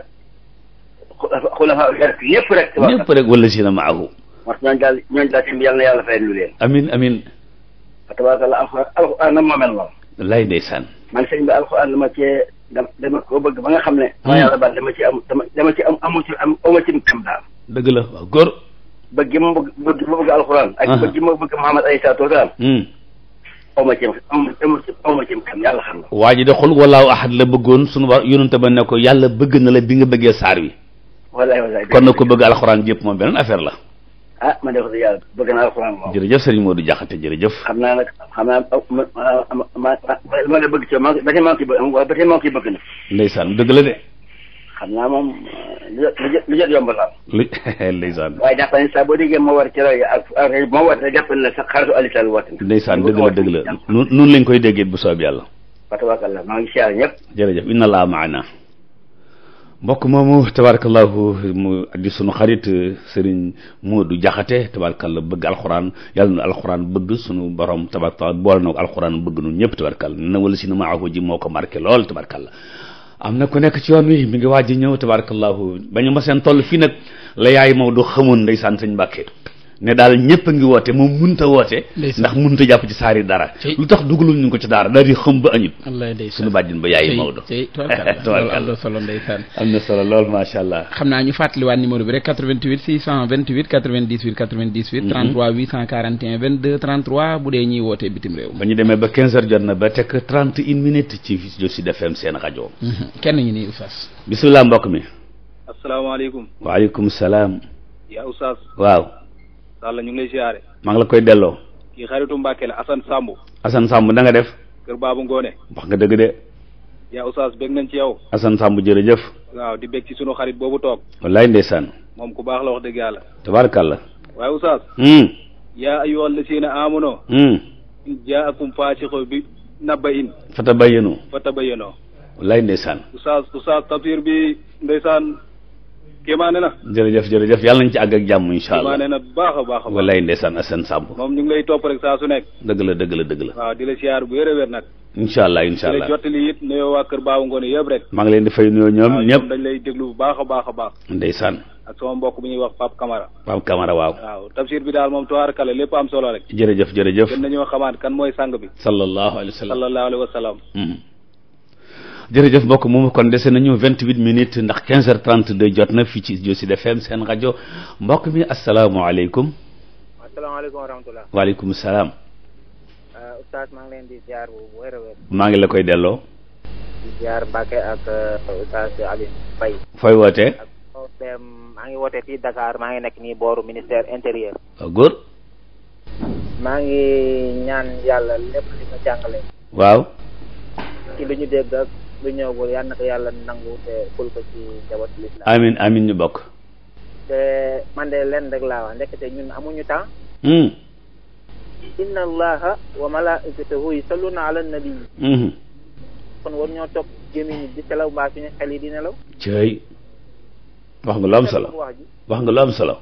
xulafa yaag ñëpp rek. ñëpp rek wala si na maahu. wax ñooñu daal ñooñu daal sëñ bi yàlla na yàlla fayal lu leen. amin amin tabaarkalla alxuraan alxuraan nag moo mel noonu. wallaay ndeysaan. man sëñ bi alxuraan dama cee dama koo bëgg ba nga xam ne. ma hmm. yàlla baal dama ci am dama dama ci am amu ci am amu ci tam daal. dëgg la waaw góor. bëgg gi ma bëgg ma bëgg alxuraan. ak uh-huh. bëgg gi ma bëgg Muhammad alayhi salaatu wa salaam. Hmm. aw ma cim aw ma cim xam yàlla xam na. waa ji de xul wallaahu ahad la bëggoon sunu war yónent ba ne ko yàlla bëgg na la bi nga bëggee saar wi. wallaay wallaay kon na ko bëgg alxuraan yëpp moom beneen affaire la. ah man de wax dëgg yàlla bëgg naa alxuraan moom. jërëjëf Serigne Modou Diakhaté jërëjëf. xam naa nag xam naa ah, ma ma ma bëgg ci ma ba tey bëgg waaye ba tey maa ngi koy bëgg dëgg la de. xam naa moom lu jot yomb la. li ndeysaan. waaye jàpp nañu sax boo déggee moo war ci rajo ak ak moo war jàpp nañu sax xaritu Aliou Sall woote na. dëgg la dëgg la noonu lañ koy déggee bu soob yàlla. wa tabaarakallah maa ngi siyaar ñëpp. jërëjëf inna allah maana mbokk moomu tabarakallahu mu di sunu xarit euh, sëriñ Modou Diakhaté tabarakalla bëgg alxuraan yàlla na alxuraan bëgg suñu borom tabarakalla boole na alxuraan bëgg nu ñëpp tabarakalla na wala si na maahu ji moo ko marqué lool tabarakalla am na ku nekk ci yoon wi mu ngi waaj ji ñëw tabarakallaahu bañu ma seen toll fii nag la yaay Maodo xamoon ndeysaan sëñ Mbàkke ne daal ñëpp a ngi woote moom munta woote ndax munta jàpp ci saari dara lu tax dugalul ñu ko ci daara daal di xam ba añut suñu bàjjin ba yaayi Maodo tubaarkàlla am na solo ndeysaan am na solo lool macha allah xam naa ñu fàttaliwaat numéro bi rek 88 628 98 98 33 841 22 33 bu dee ñuy wootee bitim réew ba ñu demee ba 15 heures jot na ba teg 31 minutes ci Sud FM seen rajo ñu mm-hmm. nii oustaz bisimilah mbokk mi asalaamaaleykum waaleykum salaam yaa oustaz waaw Sall ñu ngi lay siyaare. maa ngi la koy delloo. kii xaritu Mbacke la Assane Samb. Assane Samb da nga def. kër Babou Ngone. wax nga dëgg de. yaa oustaz bég nañ ci yow. Assane Samb jërëjëf. waaw di bég ci sunu xarit boobu toog. wallaay ndeysaan. moom ku baax la wax dëgg yàlla. tabaarakàlla. waaye oustaz. Hmm. yaa ayyuhal lazina aamanu. Hmm. in jaakum faasiqun bi nabba'in. fatabayyanu. fatabayyanu. wallaay ndeysaan. oustaz oustaz tafsir bi ndeysaan. kéemaane na jërëjëf jërëjëf yàlla nañ ci àgg ak jàmm incha allah kéemaane na baax a baax a walaay ndeysaan moom ñu ngi lay topp rek saa su nekk dëgg la dëgg la dëgg la waaw di la siyaar bu wér a wér nag incha allah incha allah di la jottali it nuyoo waa kër Baabu Ngoone yëpp rek maa ngi leen di fay nuyoo ñoom ñëpp dañ lay déglu bu baax a baax a baax ndeysaan ak sama mbokk bu ñuy wax Pape Camara Pape Camara waaw waaw tafsir bi daal mo tubaarkalla lépp am solo rek jërëjëf jërëjëf gën nañoo xamaat kan mooy sang bi sallallahu alayhi wa sallam sallallahu jërëjëf mbokk moomu kon dese nañu 28 minutes ndax 15h32 jot na fii ci Studio Sud FM seen rajo mbokk mi asalaamaaleykum. asalaamaaleykum wa rahmatulah. waaleykum salaam. Euh, oustaz maa ngi leen di ziar maa ngi la koy delloo. di ziar ak euh, Oustaz Alioune Faye. fooy wootee. maa ngi woote fii Dakar maa ngi nekk nii booru ministère intérieur. Ah, góor. maa ngi ñaan yàlla lépp li ma jàngale. waaw. ci ñu dégg ak lu ñëwagul yal na ko yàlla nangu te ful ko ci njaboot lislaam amin amin ñu bokk te man de leen rek laa wax ndekete ñun amuñu temps hmm. inna allaha wa malaikatahu yusalluna ala nabi hmm. kon war ñoo topp gémmiñ di selaw mbaa suñu xel yi di nelaw cëy wax nga lu am solo wax nga lu am solo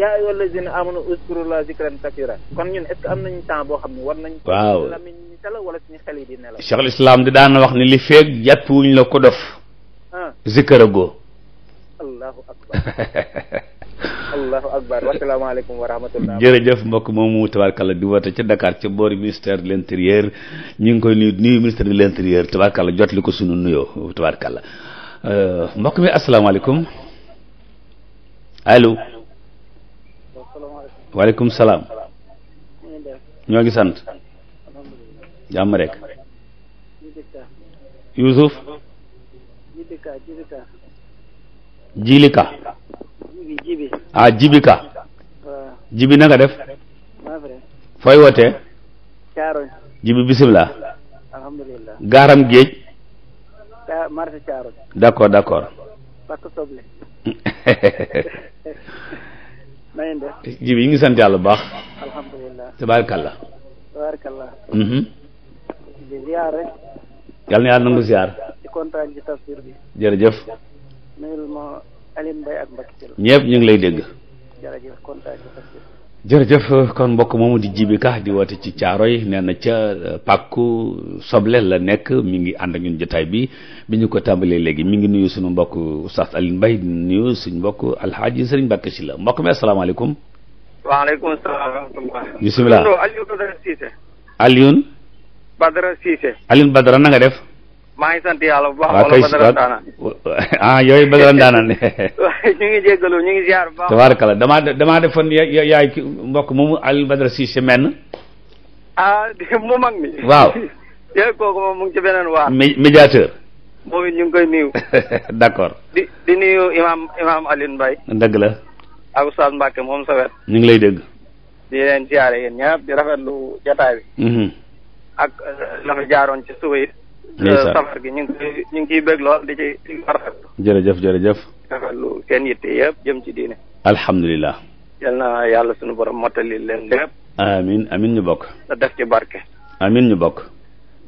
yaa ayyuha allazina amanu uzkurullah zikran kasira kon ñun est ce que am nañu temps boo xam ne war nañ waaw lamiñ ñi tala wala suñu xel yi di nelaw cheikh al di daan wax ni li feeg jàpp wuñ la ko dof ah. zikaragoo allahu akbar allahu akbar wasalaamaaleykum wa rahmatullah jërëjëf mbokk moomu tabarkalla di woote ca Dakar ca boori ministère de l' ñu ngi koy nuyu nuyu ministère de l' intérieur tabarkalla jot li ko sunu nuyoo tabarkalla euh, mbokk mi asalaamaaleykum allo waaleykum salaam. ñoo ngi sant. jàmm rek. Youssouf. Jilika. Ah, Jibika. Jibi na nga def. fooy wootee. Jibi bisimilah. Gaaram Géej. d' accord na ngeen def ngi sant yàlla baax. alhamdulilah tabaarakallah. tabaarakallah. Mhm. di ziar rek. yal na yàlla nangu ziar. di kontaan jërëjëf. nuyul ñëpp ñu ngi lay dégg. jërëjëf jërëjëf kon mbokk moomu di jibi ka di woote ci Caaroy nee na ca euh, pàkku soble la nekk mi ngi ànd ak ñun jotaay bi bi ñu ko tàmbalee léegi mi ngi nuyu suñu mbokk Oustaz Alioune Mbaye nuyu suñu mbokk Alxaaji Sëriñ Mbàkke Sylla mbokk mi asalaamaaleykum waaleykum salaam wa rahmatullah bisimilah Alioune Badara Cissé Alioune Badara def maa ngi sant yàlla bu baax. waaw kay ah yooyu Badara Ndaanaan ñu ngi jéggalu ñu ngi ziar bu baax. tabaarkalla damaa damaa defoon yaay mbokk moomu Aliou Badara Cissé men. ah mu mag mi. waaw. yooyu kooku moom mu ngi ci beneen waar. médiateur. moom it ñu ngi koy nuyu. d' accord. di di nuyu imaam imaam Alioune dëgg la. ak Oustaz Mbacke moom sa wet. ñu ngi lay dégg. di leen ziare yéen ñaar di rafetlu jataay bi. ak la jaaroon ci suba Euh, safar gi ñu ngi ciy ñu lool di ci rafetlu. jërëjëf jërëjëf. yitte yëpp jëm ci diine. alhamdulillah yal na yàlla sunu borom mottali leen lépp. amiin amiin ñu bokk. da def ci barke. amiin ñu bokk.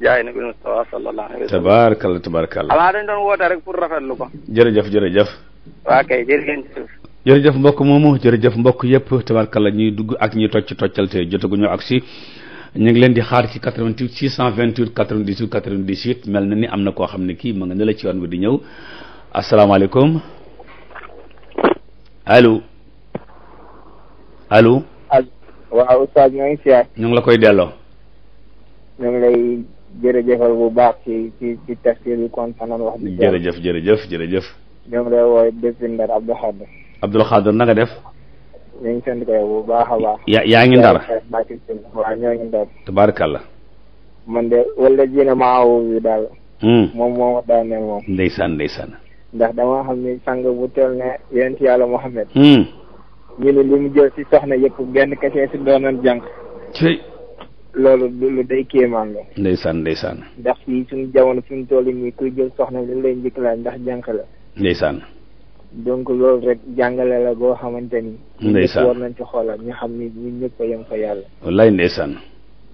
jaay na bi Mustafa sallallahu alayhi wa sallam. tabaarakalla tabaarakalla. alaa dañ doon woote rek pour rafetlu ko. jërëjëf jërëjëf. waa kay jërëjëf. jërëjëf mbokk jërëjëf mbokk yëpp tabarkalla ñuy dugg ak ñi tocc toccal te jotaguñu ak si ñu ngi leen di xaar ci 88 628 98 98 mel na ni am na koo xam ne kii ma nga ne la ci yoon bi di ñëw asalaamaaleykum allo allo. waaw Oustaz ñoo ngi siyaar. ñu ngi la koy delloo. ñu ngi lay jërëjëfal bu baax ci ci ci tafsir bi kontaan nañu wax. jërëjëf jërëjëf jërëjëf. ñu ngi lay woowee depuis Ndar Abdou Khader. Abdou Khader na def. ñu ngi sant kay bu baax a baax. yaa yaa ngi ndar. waaw ñoo ngi ndar. la man de wala jéem daal. Hmm. moom moo ma daaneel moom. ndeysaan ndax dama xam ni sang bu teel ne yonent yàlla Muhammad. Hmm. ñu ne li mu jël si soxna yëpp benn kese si doonoon jànq. ci. loolu lu day kéemaan la. ndeysaan ndeysaan. ndax fii suñu jamono fi mu toll nii kuy jël soxna li lay njëkk laaj ndax jànq la. ndeysaan. donc loolu rek jàngale la boo xamante ni. ndeysaan war nañ ci xoolal ñu xam ni ñun ñëpp a yem fa yàlla. wallaay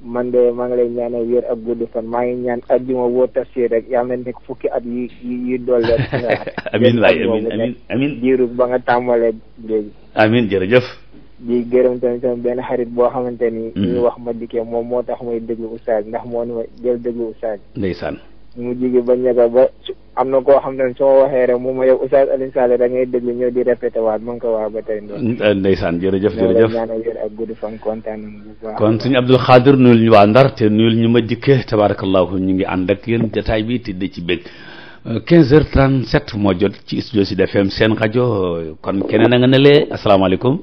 man de maa ngi lay ñaanal wér ak gudd fan maa ngi ñaan àjjuma woo tafsir rek yal na nekk fukki at yi yi doole. amiin waay amiin amiin amiin diiru ba nga tàmbalee léegi. amiin jërëjëf. di gërëm tamit sama benn xarit boo xamante ni. Mm-hmm. wax ma dikkee moom moo tax may déglu oustaz ndax moo ni ma jël déglu oustaz. ndeysaan. mu jigi ba ñaga ba am na koo xam ne su ma waxee rek mu ma yow Oustaz Alioune Sall da ngay déglu ñëw di répété waat mu ngi ko wax ba tey ndoon mm, eh, ndeysaan jërëjëf jërëjëf ñaanal wér ak gudd fan kontaan nañu bu baax kon suñu Abdul Xaadir nuyul ñu waa Ndar te nuyul ñu ma dikkee tabarakallahu ñu ngi ànd ak yéen jataay bi te di ci bég 15 euh, heures 37 moo jot ci studio Sud FM seen rajo kon keneen a nga ne lee asalaamaaleykum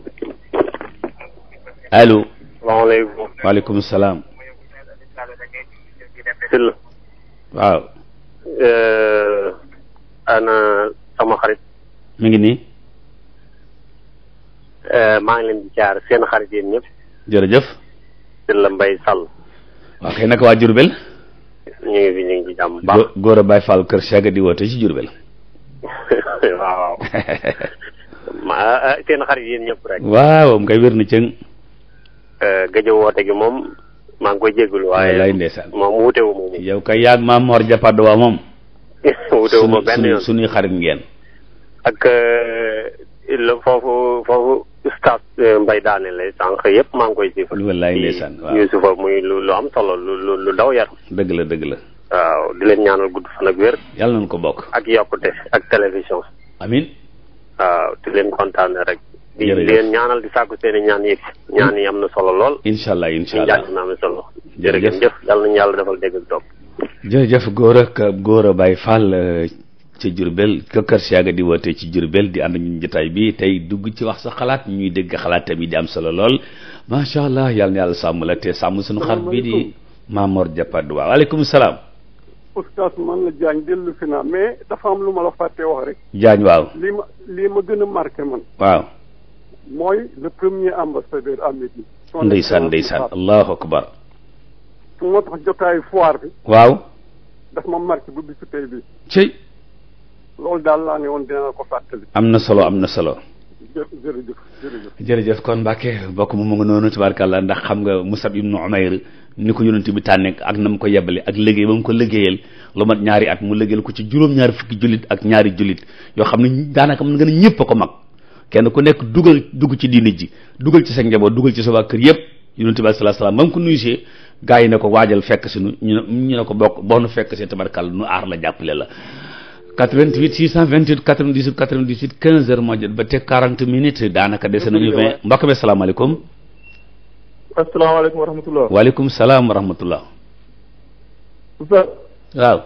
allo. waaleykum salaam. waaw. Euh, ana sama xarit. mi ngi nii. Euh, maa ngi leen di jaar seen xarit yéen ñëpp. jërëjëf. sëñ la Mbaye Sall. waaw kay naka waa Diourbel. ñu ngi fi ñu góor a Baye Fall kër Chaga di woote ci Diourbel. waaw. ma euh, seen xarit yéen ñëpp rek. waaw moom kay wér na cëng. gëj woote gi moom maa ngi koy jégalu waaye. walaay ndeysaan moom wuutewu ma moom. yow kay yaag maam Mor Jappad moom. wuutewu ma benn yoon suñuy xarit ngeen. ak euh, la foofu foofu mbay euh, Mbaye daane la sànq yëpp maa ngi koy siifal. walaay muy lu lu am solo lu lu daw yar. dëgg la dëgg la. waaw di leen ñaanal gudd fan ak wér. yàlla nañu ko bokk. ak yokkute ak télévision. amin waaw di leen kontaane rek. di leen ñaanal di sàkku seen i ñaan yëg ñaan yi am na solo lool incha allah incha allah jàng na am jëf yàlla nañu yàlla defal dégg ak toog jërëjëf góor ak a Baye Fall ci di woote ci Jurbel di ànd ñu jotaay bi tey dugg ci wax sa xalaat ñuy dégg xalaatam yi di am solo lool macha allah yàlla na yàlla sàmm la te sàmm suñu xar bi di Mamor Diapad waaw aleykum salaam man la Diagne dellu si naa mais dafa am lu ma la fàttee wax rek Diagne waaw lii ma lii ma gën a marqué man waaw mooy le premier ambassadeur à Médine. ndeysaan ndeysaan allahu akbar. su moo tax jotaayu waaw. daf ma marqué bu bisu tey bi daal laa woon am na solo am na solo. jërëjëf jërëjëf jërëjëf kon Mbacke bokk mu mu nga noonu tabarkàlla ndax xam nga Musab ibnu Umayr ni ko yonent bi tànne ak na mu ko yebale ak liggéey ba mu ko liggéeyal lu mat ñaari at mu liggéeyal ko ci juróom-ñaari fukki jullit ak ñaari jullit yoo xam ne daanaka mën nga ne ñëpp ko mag kenn ku nekk dugal dugg ci diini ji dugal ci sa njaboot dugal ci sa waa kër yëpp yonent bi sallallahu alayhi wasallam ma ngi ko nuyusee gaa yi ne ko waajal fekk si ñu ñu ne ko bokk boo nu fekk si tabarkàlla nu aar la jàppale la 88 628 98 98 15 heures moo jot ba teg 40 minutes daanaka dese nañu vingt mbokk bi salaamaaleykum. asalaamaaleykum wa rahmatulah. waaleykum salaam wa rahmatulah. Oustaz. waaw. waaw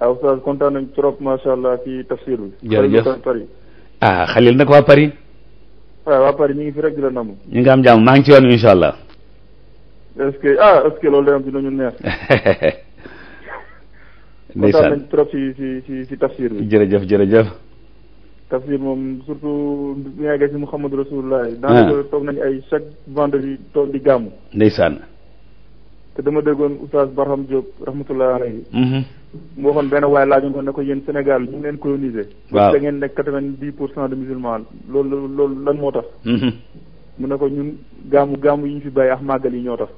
ah, Oustaz kontaan nañ trop macha allah ci tafsir bi. jërëjëf ah xalil nag waa Paris. waaw waa Paris ñu ngi fi rek di la namm. ñu ngi jàmm maa ngi ci ce que ah est-ce que loolu day am dinañu neex. ndeysaan nañ trop si si si si tafsir bi. jërëjëf jërëjëf. tafsir moom surtout bi nga gis Muhammad Rasulullah. Ah. daanaka toog nañ ay chaque vendredi toog di gàmmu. ndeysaan. te dama déggoon Oustaz Barham Diop rahmatullah alayhi. Mm-hmm. mu waxoon benn waaye laajoon ko ne ko yéen Sénégal ñu leen colonisé. waaw da nekk quatre vingt dix pour cent de musulmans loolu lan moo tax. Mm-hmm. mu ne ko ñun gaamu gaamu yi ñu fi bàyyi ak màggal yi ñoo tax.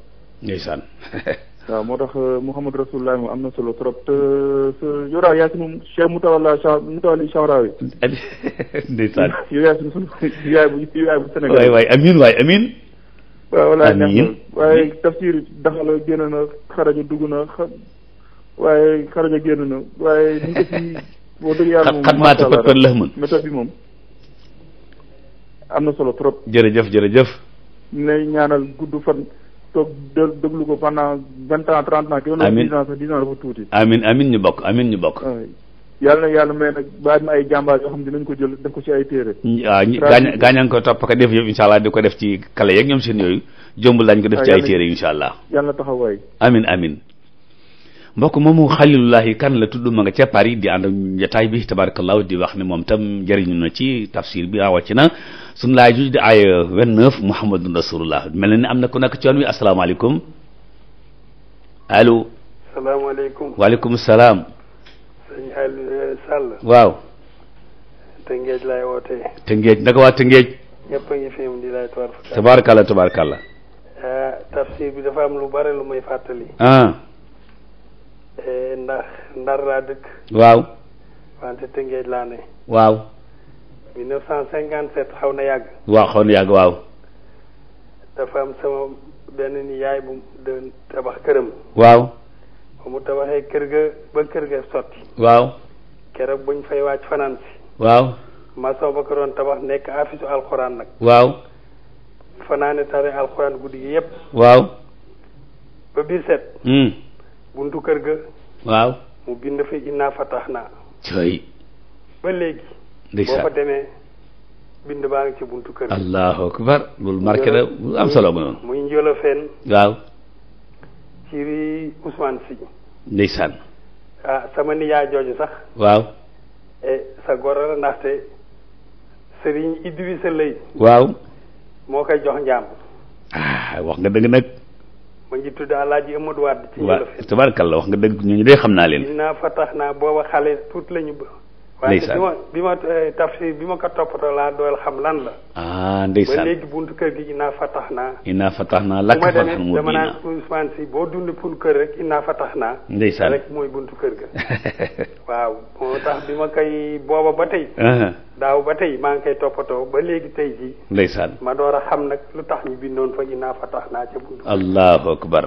ndeysaan. waaw moo tax euh, Mouhamad Rasulullah moom am na solo trop te yow daal yaa sunu Cheikh Moutawalla Cha Moutawalli Chawraawi. ndeysaan. yow yaa sunu sunu yow yaay bu yow yaay bu Sénégal. waay waay amiin waay amiin. amiin waaw voilà waaye génn na xaraja waaye Karaja génn na waaye ñu ngi fi boo dëgg yàlla moom xat maata bi moom am na solo trop. jërëjëf jërëjëf. ñu lay ñaanal gudd fan toog déglu ko pendant vingt ans trente ans. amiin ki dix ans sax dix ans dafa tuuti. amiin amiin ñu bokk amiin ñu bokk. yàlla na yàlla may nag bàyyi ma ay jàmbaar yoo xam ne dinañ ko jël def ko ci ay téere. waaw ñi ah, gaañ gaañ a ngi ko topp ka def yëpp incha allah di ko def ci kale yeeg ñoom seen yooyu jombul lañ ko def ci ay téere incha allah. yàlla taxawaay. amiin amiin. mbokk moomu xalilullahi kan la tudd ma nga ca Paris di ànd njataay bi tabarakallahu di wax ne moom tam jëriñu na ci tafsir bi wàcc na suñu laay juj di ay 29 muhammadun rasulullah mel ni am na ku nekk ci yoon wi asalaamaaleykum allo. salaamaaleykum waaleykum salaam. sëñ Aliou eh, Sall. waaw. Tëngéej laay wootee. Tëngéej naka waa Tëngéej. Eh, tafsir bi dafa am lu bare lu may fàttali. Ah. Eh, ndax Ndar laa dëkk. waaw. wante Tëngéej laa ne. waaw. 1957 xaw na yàgg. waaw xaw na yàgg waaw. dafa am sama benn ni yaay bu doon tabax këram. waaw. ba mu tabaxee kër ga ba kër ga sotti. waaw. keroog buñ fay wàcc fanaan si. waaw. maçon ba ko doon tabax nekk afisu alxuraan nag. waaw. fanaane tare alxuraan guddi gi yëpp. waaw. ba biir set. Hmm. buntu kër ga. waaw. mu bind fa inna fatax naa. cooy. ba léegi. ndeysaan boo fa demee bind baa ngi ci buntu kër ga. allahu akbar loolu marqué na bu am solo ba noonu. muy Ndiolofène. waaw. ci Ousmane Sy. ndeysaan. ah sama nijaay jooju sax. waaw. e sa goro la ndaxte Serigne Idrissa Lay. waaw. moo koy jox njaam. Ah, wax nga dëgg nag. ma ngi tudd Alaaji Amadou Wade. ci Njolofeen waaw tabaarkalla wax nga dëgg ñooñu day xam naa leen. naa fa tax naa booba xale tuut lañu ndeysaan waaye bi ma bi ma eh, tafsir bi ma ko toppatoo laa dool xam lan la. ah ndeysaan ba léegi buntu kër gi innaa fatax naa. innaa fatax naa lakk fa xam mu dama naan Ousmane boo dund pour kër rek innaa fatax naa. ndeysaan rek mooy buntu kër ga. waaw moo tax bi ma koy booba ba tey. Uh-huh. daaw ba tey maa ngi koy toppatoo ba léegi tey jii. ndeysaan ma door a xam nag lu tax ñu bindoon fa innaa fatax naa ca buntu. allahu akbar.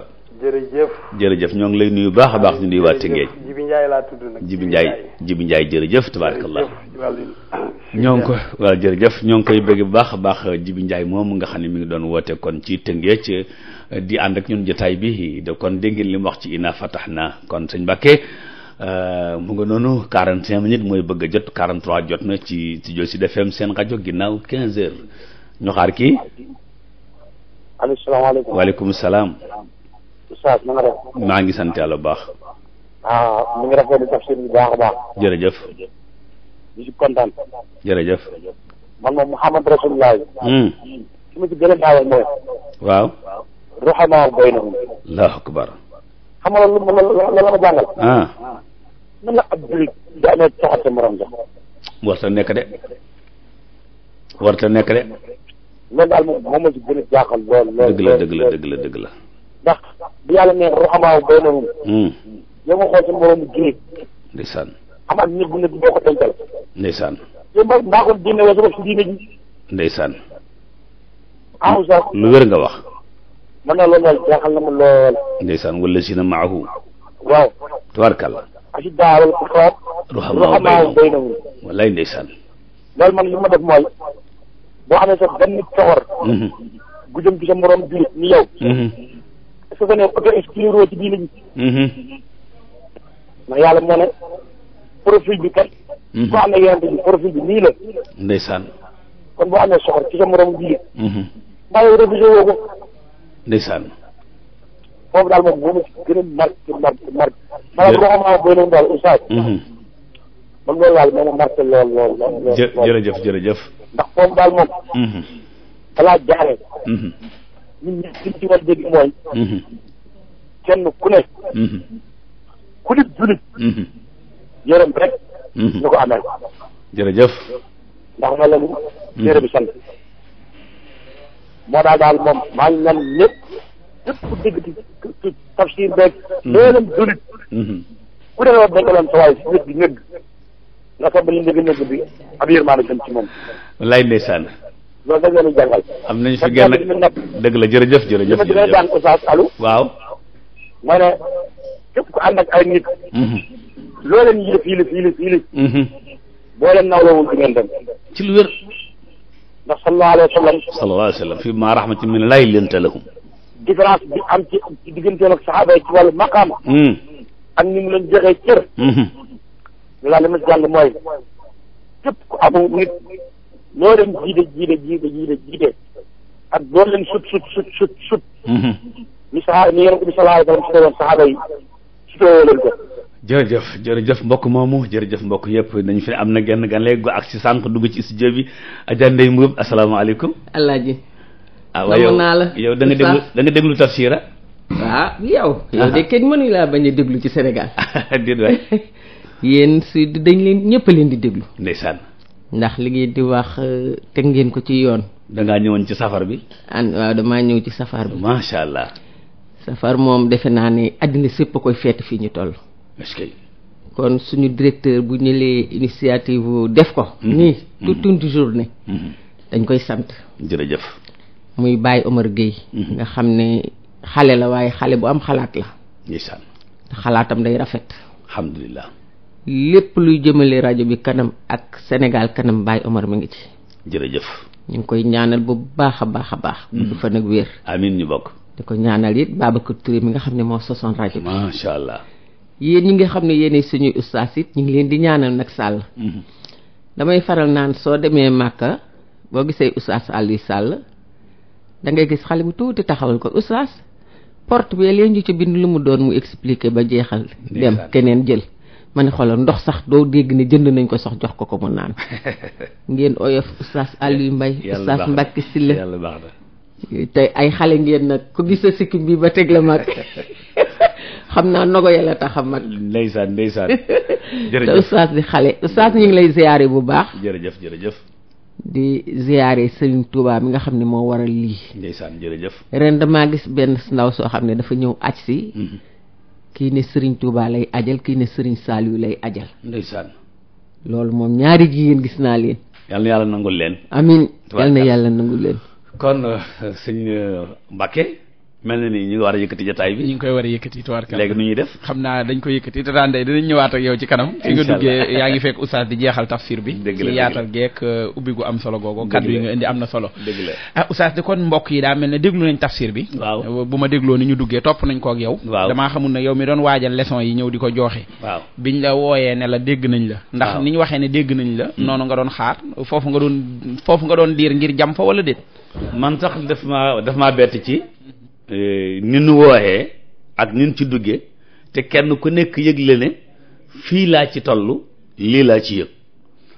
jërëjëf ñoo ngi lay nuyu baax a baax di nuyu waa Tëngéej Jibi Njaay laa Jibi Njaay Jibi Njaay jërëjëf tabaarakallah ñoo ngi ko waaw jërëjëf ñoo ngi koy bëgg bu baax a baax Jibi Njaay moom nga xam ne mi ngi doon woote kon ci Tëngéej di ànd ak ñun jotaay bi kon dégg lim wax ci fatax na kon sëñ Mbàkke euh, mu nga noonu 45 minutes mooy bëgg a jot 43 jot na ci ci Sud FM seen rajo ginnaaw 15 ñu xaar kii. allo salaam. Oustaz na nga def. maa ngi sant yàlla bu baax. mu ah, mi ngi rafetlu tafsir bu baax baax. jërëjëf. di si kontaan. jërëjëf. man mu Mouhamad Rasulullah. fi hmm. si gën a daawal mooy. waaw. ruhamaa baynahum. allahu akbar. xam nga lu la la ma jàngal. ah. nan la ab jullit di amee coxate morom ja. warta nekk de. warta nekk de. loolu daal moom moom si gën a jaaxal lool. lool dëgg dëgg la dëgg la dëgg la. ndax bu yàlla neex ruhamaa baynahum. yow ma xool sa moromu jullit. ndeysaan. am ak nit bu nekk boo ko dencal. ndeysaan. yow mbaa ko diine wala sa ah, lu wér nga wax. man na loolu daal jaaxal na a lool. ndeysaan wala si na maahu. waaw. tubaarkàlla. asidaa wala kuffaar. ruhamaa baynahum wallaay ndeysaan. man li ma def mooy. boo amee sa benn coxor. Hmm. gu jëm ci sa morom ni yow. Hmm. su ko nee auto exclure ci diine ji. ndax yàlla moo ne profil bi kat. boo mm-hmm. amee yonent bi profil bi nii la. ndeysaan. kon boo amee soxor ci sa moromu biir. mbaa mm-hmm. yow refusé woo ko. ndeysaan. foofu daal moom moomu ci gën a marqué marqué marqué. maanaam boo xam ne booy daal oustaz. Mm-hmm. man loolu daal moo ma marqué lool lool lool. jë jërëjëf jërëjëf. ndax foofu daal moom. balaa ñun ñëpp liñ ci war mooy. Mhm. kenn ku nekk. Mhm. ku di jullit. Mhm. yërëm rek. ñu ko amee. jërëjëf. ndax na lañu. bi sant. moo daal moom maa ngi ñaan ñëpp ñëpp ku dégg ci ci tafsir beeg. yërëm jullit. ku ne la war a nekkaloon sa waay si ñëpp di ñëgg. nga soog ba ñu dégg ñëgg bi ab yërmaande jëm ci moom. wallaay ndeysaan. loolu la ngeen di jàngal. am nañ fi genn dëgg la jërëjëf jërëjëf jërëjëf daan oustaz Alou waaw ma ne képp ku ànd ak ay nit mhm. loo leen yilif yilif yilif yilif mhm. boo leen nawlawul di ngeen dem ci lu wér ndax sallallahu alayhi wa sallam sallallahu alayhi wa sallam fi ma rahmatin min lay lenta lahum différence bi am ci ci digganteem ak saxaaba yi ci wàllu maqaama mhm. ak ni mu leen joxee cër loolu la ma jàng mooy képp ku amul nit loo leen jiite jiite ak boo leen jërëjëf mbokk moomu jërëjëf mbokk yëpp dañu fi ne am na genn gan léegi gu ak si sànq dugg ci studio bi Adja Ndeye Mbuub asalaamaaleykum. alaaji. ah waaw yow naa yow da nga déglu da nga déglu tafsira. ah, ah yow. de kenn mënuñu bañ a déglu ci Sénégal. déedéet waay. yéen si dañ leen ñëpp leen di déglu. ndeysaan. ndax liggéey di wax euh, teg ngeen ko ci yoon. da ngaa ñëwoon ci safar bi. an waaw damaa ñëw ci safar bi. macha allah. safar moom defe naa ne àddina sépp a koy feet fii ñu toll. kon suñu directeur bu ñëlee initiative def ko. Mhm. nii mhm. toute une journée. Mhm. dañ koy sant. jërëjëf. muy bàyyi Omar Gueye. nga xam ne xale la waaye xale bu am xalaat la. xalaatam day rafet. alhamdulilah. lépp luy jëmale rajo bi kanam ak Sénégal kanam Baye Omar mi ngi ci. jërëjëf. ñu ngi koy ñaanal bu baax a baax a baax. du fa nag wér. amiin ñu bokk. di ko ñaanal it Babacar Touré mi nga xam ne moo sosoon rajo bi. macha allah. yéen ñi nga xam ne yéenay suñuy ustaas it ñu ngi leen di ñaanal nag sàll. Mm-hmm. damay faral naan soo demee Màkka boo gisee ustaas Aliou Sall da ngay gis xale bu tuuti taxawal ko ustaas port bi leen ji ci bind lu mu doon mu expliqué ba jeexal. dem keneen jël. ma ne xoolal ndox sax doo dégg ne jënd nañ ko sax jox ko ko mu naan ngeen oyof oustaz Aliou yu mbay Mbacke Sylla yàlla baax na tey ay xale ngeen nag ko gis a sikkim bi ba teg la mag xam naa nogo yàlla tax a mag ndeysaan ndeysaan jërëjëf te oustaz di xale oustaz ñu ngi lay ziyaare bu baax jërëjëf jërëjëf di ziyaare Serigne tubaab bi nga xam ne moo waral lii ndeysaan jërëjëf ren damaa gis benn ndaw soo xam ne dafa ñëw aj si mm-hmm. kii ne Serigne Touba lay ajal kii ne Serigne Saliou lay ajal. loolu moom ñaari jigéen gis naa leen. yal na yàlla nangul leen. amiin yal na yàlla nangul leen. kon euh, sëñ euh, Mbacke. mel na ni ñu ngi war a yëkkati jotaay bi. ngi koy war a yëkkati tuwaat léegi nu ñuy def. xam naa dañ ko yëkkati te daan day dinañ ñëwaat ak yow ci kanam. fi yaa ngi fekk oustaz di jeexal tafsir bi. dëgg la ci yaatal geek euh, ubbi gu am solo googu. kaddu yi nga indi am na solo. dëgg la ah oustaz di kon mbokk yi daa mel ne déglu nañ tafsir bi. bu ma dégloo ni ñu duggee topp nañ ko ak yow. waaw damaa xamul ne yow mi doon waajal leçon yi ñëw di ko jooxe. waaw biñ la wooyee ne la dégg nañ la. ndax ni ñu waxee ne dégg nañ la. Hmm. noonu nga doon xaar foofu nga doon foofu nga doon diir ngir jam fa wala déet. man sax daf ma daf ma bett ci Euh, ni nu wooxee ak nin ci duggee te kenn ku nekk yëg la ne fii laa ci tollu lii laa ci yëg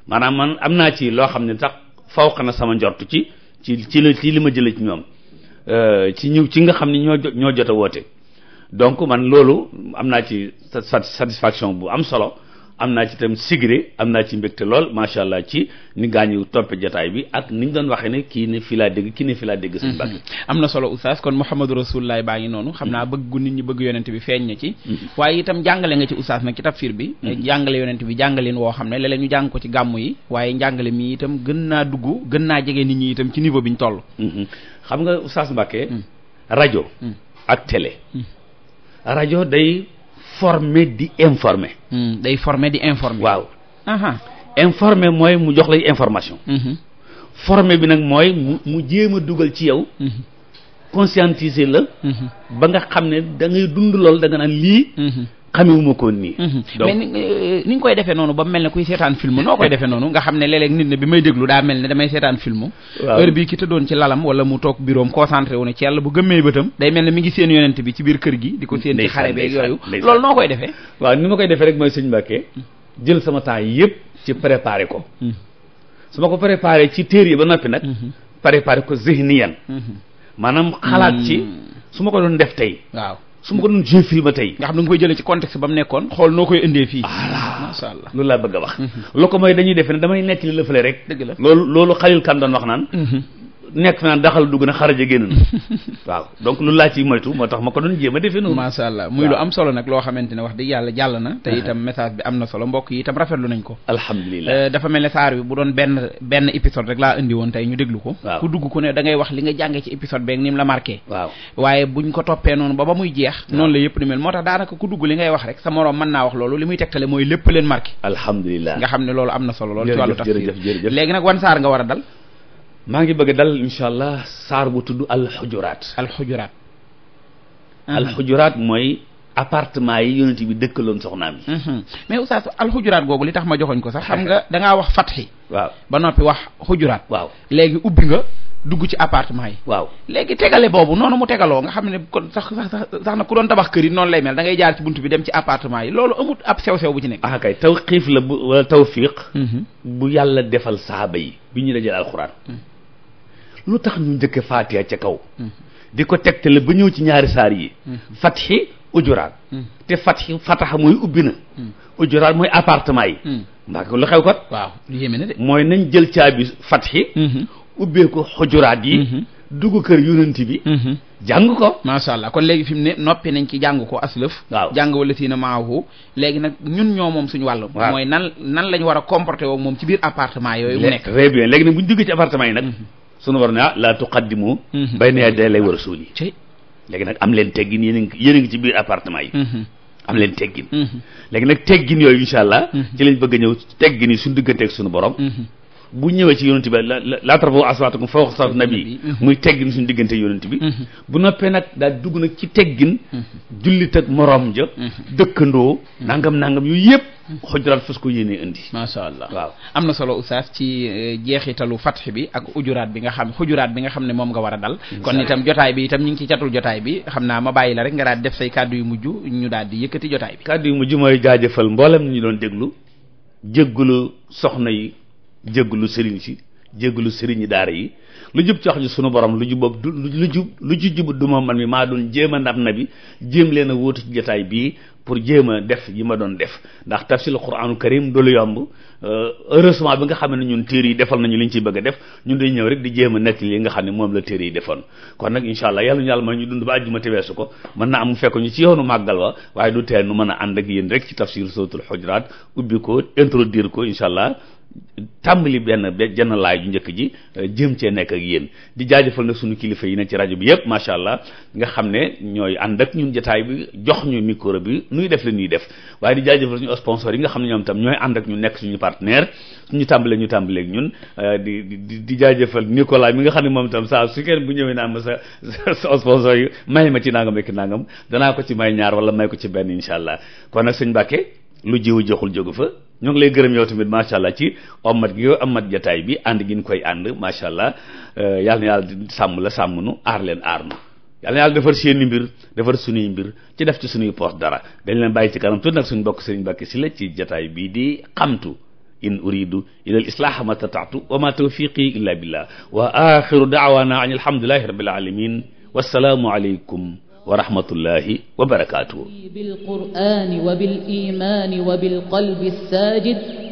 maanaam man am naa ci loo xam ne tax fawqa na sama njort ci ci ci la ci li ma jëlee ci ñoom euh, ci ñëw ci nga xam ni ñoo ñoo jot a woote donc man loolu am naa ci satisfaction bu am solo am naa ci itam sigré am naa ci mbégte lool macha allah ci ni gaañu toppe jataay bi ak ni ñu doon waxee ne kii ne fi laa dégg kii ne fi laa dégg suñu bàgg mhm. am na solo oustaz kon Mouhamadou Rasulullah baa ngi noonu xam naa bëggu nit ñi bëgg yonent bi feeñ na ci mhm. waaye itam jàngale nga ci oustaz nag ci tafsir bi mhm. jàngale yonent bi jàngaleen woo xam ne léeg-léeg ñu jàng ko ci gàmm yi waaye njàngale mi itam gën naa dugg gën naa jege nit ñi itam ci niveau bi ñu toll xam nga oustaz Mbacké rajo ak former di informer. Hmm, day former di informer. waaw. informer mooy mu jox lay information. Mm-hmm. former bi nag mooy mu mu jéem a dugal ci yow. Mm-hmm. conscientiser la. Mm-hmm. ba nga xam ne da dund lool da naan lii. xamewuma koon nii. Mhm. donc mais euh, ni nga koy defee noonu ba mel ne kuy seetaan film noo koy defee noonu nga xam ne léeg nit ne bi may déglu daa mel ne damay seetaan film. heure bi ki tëddoon ci lalam wala mu toog bureau am concentré wu ne ci yàlla bu gëmmee bëtam. day mel ne mi ngi seen yonent bi ci biir kër gi. di ko seen ci xare beeg yooyu loolu noo koy defee. waaw ni ma koy defee rek mooy sëñ Mbàkke mhm. jël sama temps yëpp ci préparé ko. Mhm. su ma ko préparé ci téere yi ba noppi nag. préparé ko zihniyan maanaam xalaat ci mm. su ma ko doon def tey waaw su ma ko doon jeu film tey nga xam ne nga koy jëlee ci contexte ba mu nekkoon xool noo koy indee fii masha Allah loolu laa bëgg a wax mm-hmm. loo ko mooy dañuy defe ne damay nekk li la fële rek dëgg la loolu loolu Khalil Kane doon wax naan mm-hmm. nekk naan daxal dugg na xaraja génn na waaw donc lu laa ci moytu moo tax ma ko doon jéem a defee noonu macha allah muy am solo nag loo xamante ne wax dëgg yàlla jàll na te itam message bi am yi itam rafetlu nañ ko alhamdulilah euh, dafa mel ne saar bi bu doon benn benn épisode rek laa indi woon tey ñu déglu ko ku dugg ku ne da ngay wax li nga jàngee ci épisode beeg ni mu la marqué waaw waaye buñ ko toppee noonu ba ba muy jeex noonu la yëpp ni mel moo tax daanaka ku mooy lépp leen marqué alhamdulilah nga xam ne loolu am na solo loolu ci wàllu tafsir léegi nag wan saar nga war a dal maa ngi bëgg dal incha allah saar bu tudd alxujuraat alxujuraat alxujuraat mhm. mooy appartement yi yonent bi dëkkaloon soxnaam yi mhm. mais oustaz alxujuraat googu li tax ma joxoñ ko sax xam nga dangaa wax fatxi waaw ba noppi wax xujuraat waaw léegi ubbi nga dugg ci appartement yi waaw léegi tegale boobu noonu mu tegaloo nga xam ne kon sax sax sax na ku doon tabax kër yi noonu lay mel dangay jaar ci bunt bi dem ci appartement yi loolu amut ab sew-sew bu ci nekk ah kay tawxiif la bu wala tawfiq mhm. bu yàlla defal saaba yi bi ñu dajal alxuraan lu tax ñu njëkk faatiha ca kaw mm-hmm. di ko la ba ñëw ci ñaari saar yi mm-hmm. fathi ujuraat mm-hmm. te fathi fataha mooy ubbi na ujuraat mooy appartement yi mbaa ko lu xew kat waaw lu yéeme na de mooy nañ jël caabi fathi ubbee ko xujuraat yi dugg kër yonent bi jàng ko macha allah kon léegi fi mu ne noppi nañ ci jàng ko aslëf waaw jàng wala tiina maahu léegi nag ñun ñoo moom suñu wàll mooy nan nan lañ war a comporté woo moom ci biir appartement yooyu mu nekk très bien léegi nag sunu war ne ah laa tuqaddimu mhm. bayna yaday lay war a léegi nag am leen teggin yéen a ngi ngi ci biir appartement yi mhm. am leen teggin mhm. léegi nag teggin yooyu incha allah ci lañ bëgg a ñëw teggin yi suñu digganteeg suñu borom bu ñëwee ci yonent bi la laa tarfa'u aswaatakum fawqa sawti nabi muy teggin suñu diggante yonent bi mm-hmm. bu noppee nag daal dugg nag ci teggin mm-hmm. jullit ak morom ja mm-hmm. dëkkandoo nangam nangam yooyu yëpp xujuraat fas ko yéenee indi macha allah waaw am na solo oustaz ci eh, jeexitalu fatx bi ak ujuraat bi nga xam xujuraat bi nga xam ne moom nga war a dal kon itam jotaay bi itam ñu ngi ci catul jotaay bi xam naa ma bàyyi la rek nga daal def say kaddu yu mujj ñu daal di yëkkati jotaay bi kàddu yu mujj mooy jaajëfal mboolem ñu doon déglu jéggalu soxna yi jéggalu sëriñ si sëriñ sëriñi daara yi lu jub ci wax sunu borom lu jubab du lu jub lu ci jub du ma man mi maa doon jéem a ndam na bi jéem leen a wóotu ci jotaay bii pour jéem a def yi ma doon def ndax tafsil quraanu karim du lu yomb euh, heureusement bi nga xam ne ñun téere yi defal nañu li ñu ciy bëgg a def ñun dañu ñëw rek di jéem a nekk li nga xam ne moom la téere yi defoon kon nag incha allah yàlla ñu yàlla may ñu dund ba àjjuma te weesu ko mën na am fekk ñu ci yoonu màggal wa waaye du tee nu mën a ànd ak yéen rek ci tafsir suratul xujuraat ubbi ko introduire ko incha allah tàmbali benn jenn laay ju njëkk ji euh, jëm cee nekk ak yéen di jaajëfal na suñu kilifa yi ne ci rajo bi yëpp macha allah nga xam ne ñooy ànd ak ñun jotaay bi jox ñu micro bi nuy def la ñuy def waaye di jaajëfal suñu sponsor yi nga xam ne ñoom tam ñooy ànd ñu nekk suñu partenaire suñu tàmbalee ñu tàmbaleeg ñun euh, di di di jaajëfal Nicolas mi nga xam ne moom tam saa su kenn bu ñëwee naan ma sa sa sponsor yi may ma ci nangam ak nangam danaa ko ci may ñaar wala may ko ci benn incha allah kon nag sëñ Mbàkke lu jiwu joxul jógu fa ñoo ngi lay gërëm yow tamit macha allah ci omat gi yow amat jataay bi ànd gi koy ànd macha allah euh, yàlla na yàlla sàmm la sàmm nu aar leen aar nu yàlla na yàlla defar seeni mbir defar suñuy mbir ci def ci suñuy poos dara dañ leen bàyyi ci kanam tuuti nag suñu bokk Serigne Mbacké Sylla ci jataay bii di xamtu in uridu ila al islaha ma tataatu wa ma tawfiqi illa billah wa axiru daawana alhamdulillahi rabbil alamin wassalaamu aleykum wa rahmatullahi wa barakaatuhu bil qur'ani wa bil imaani wa bil qalbi saajid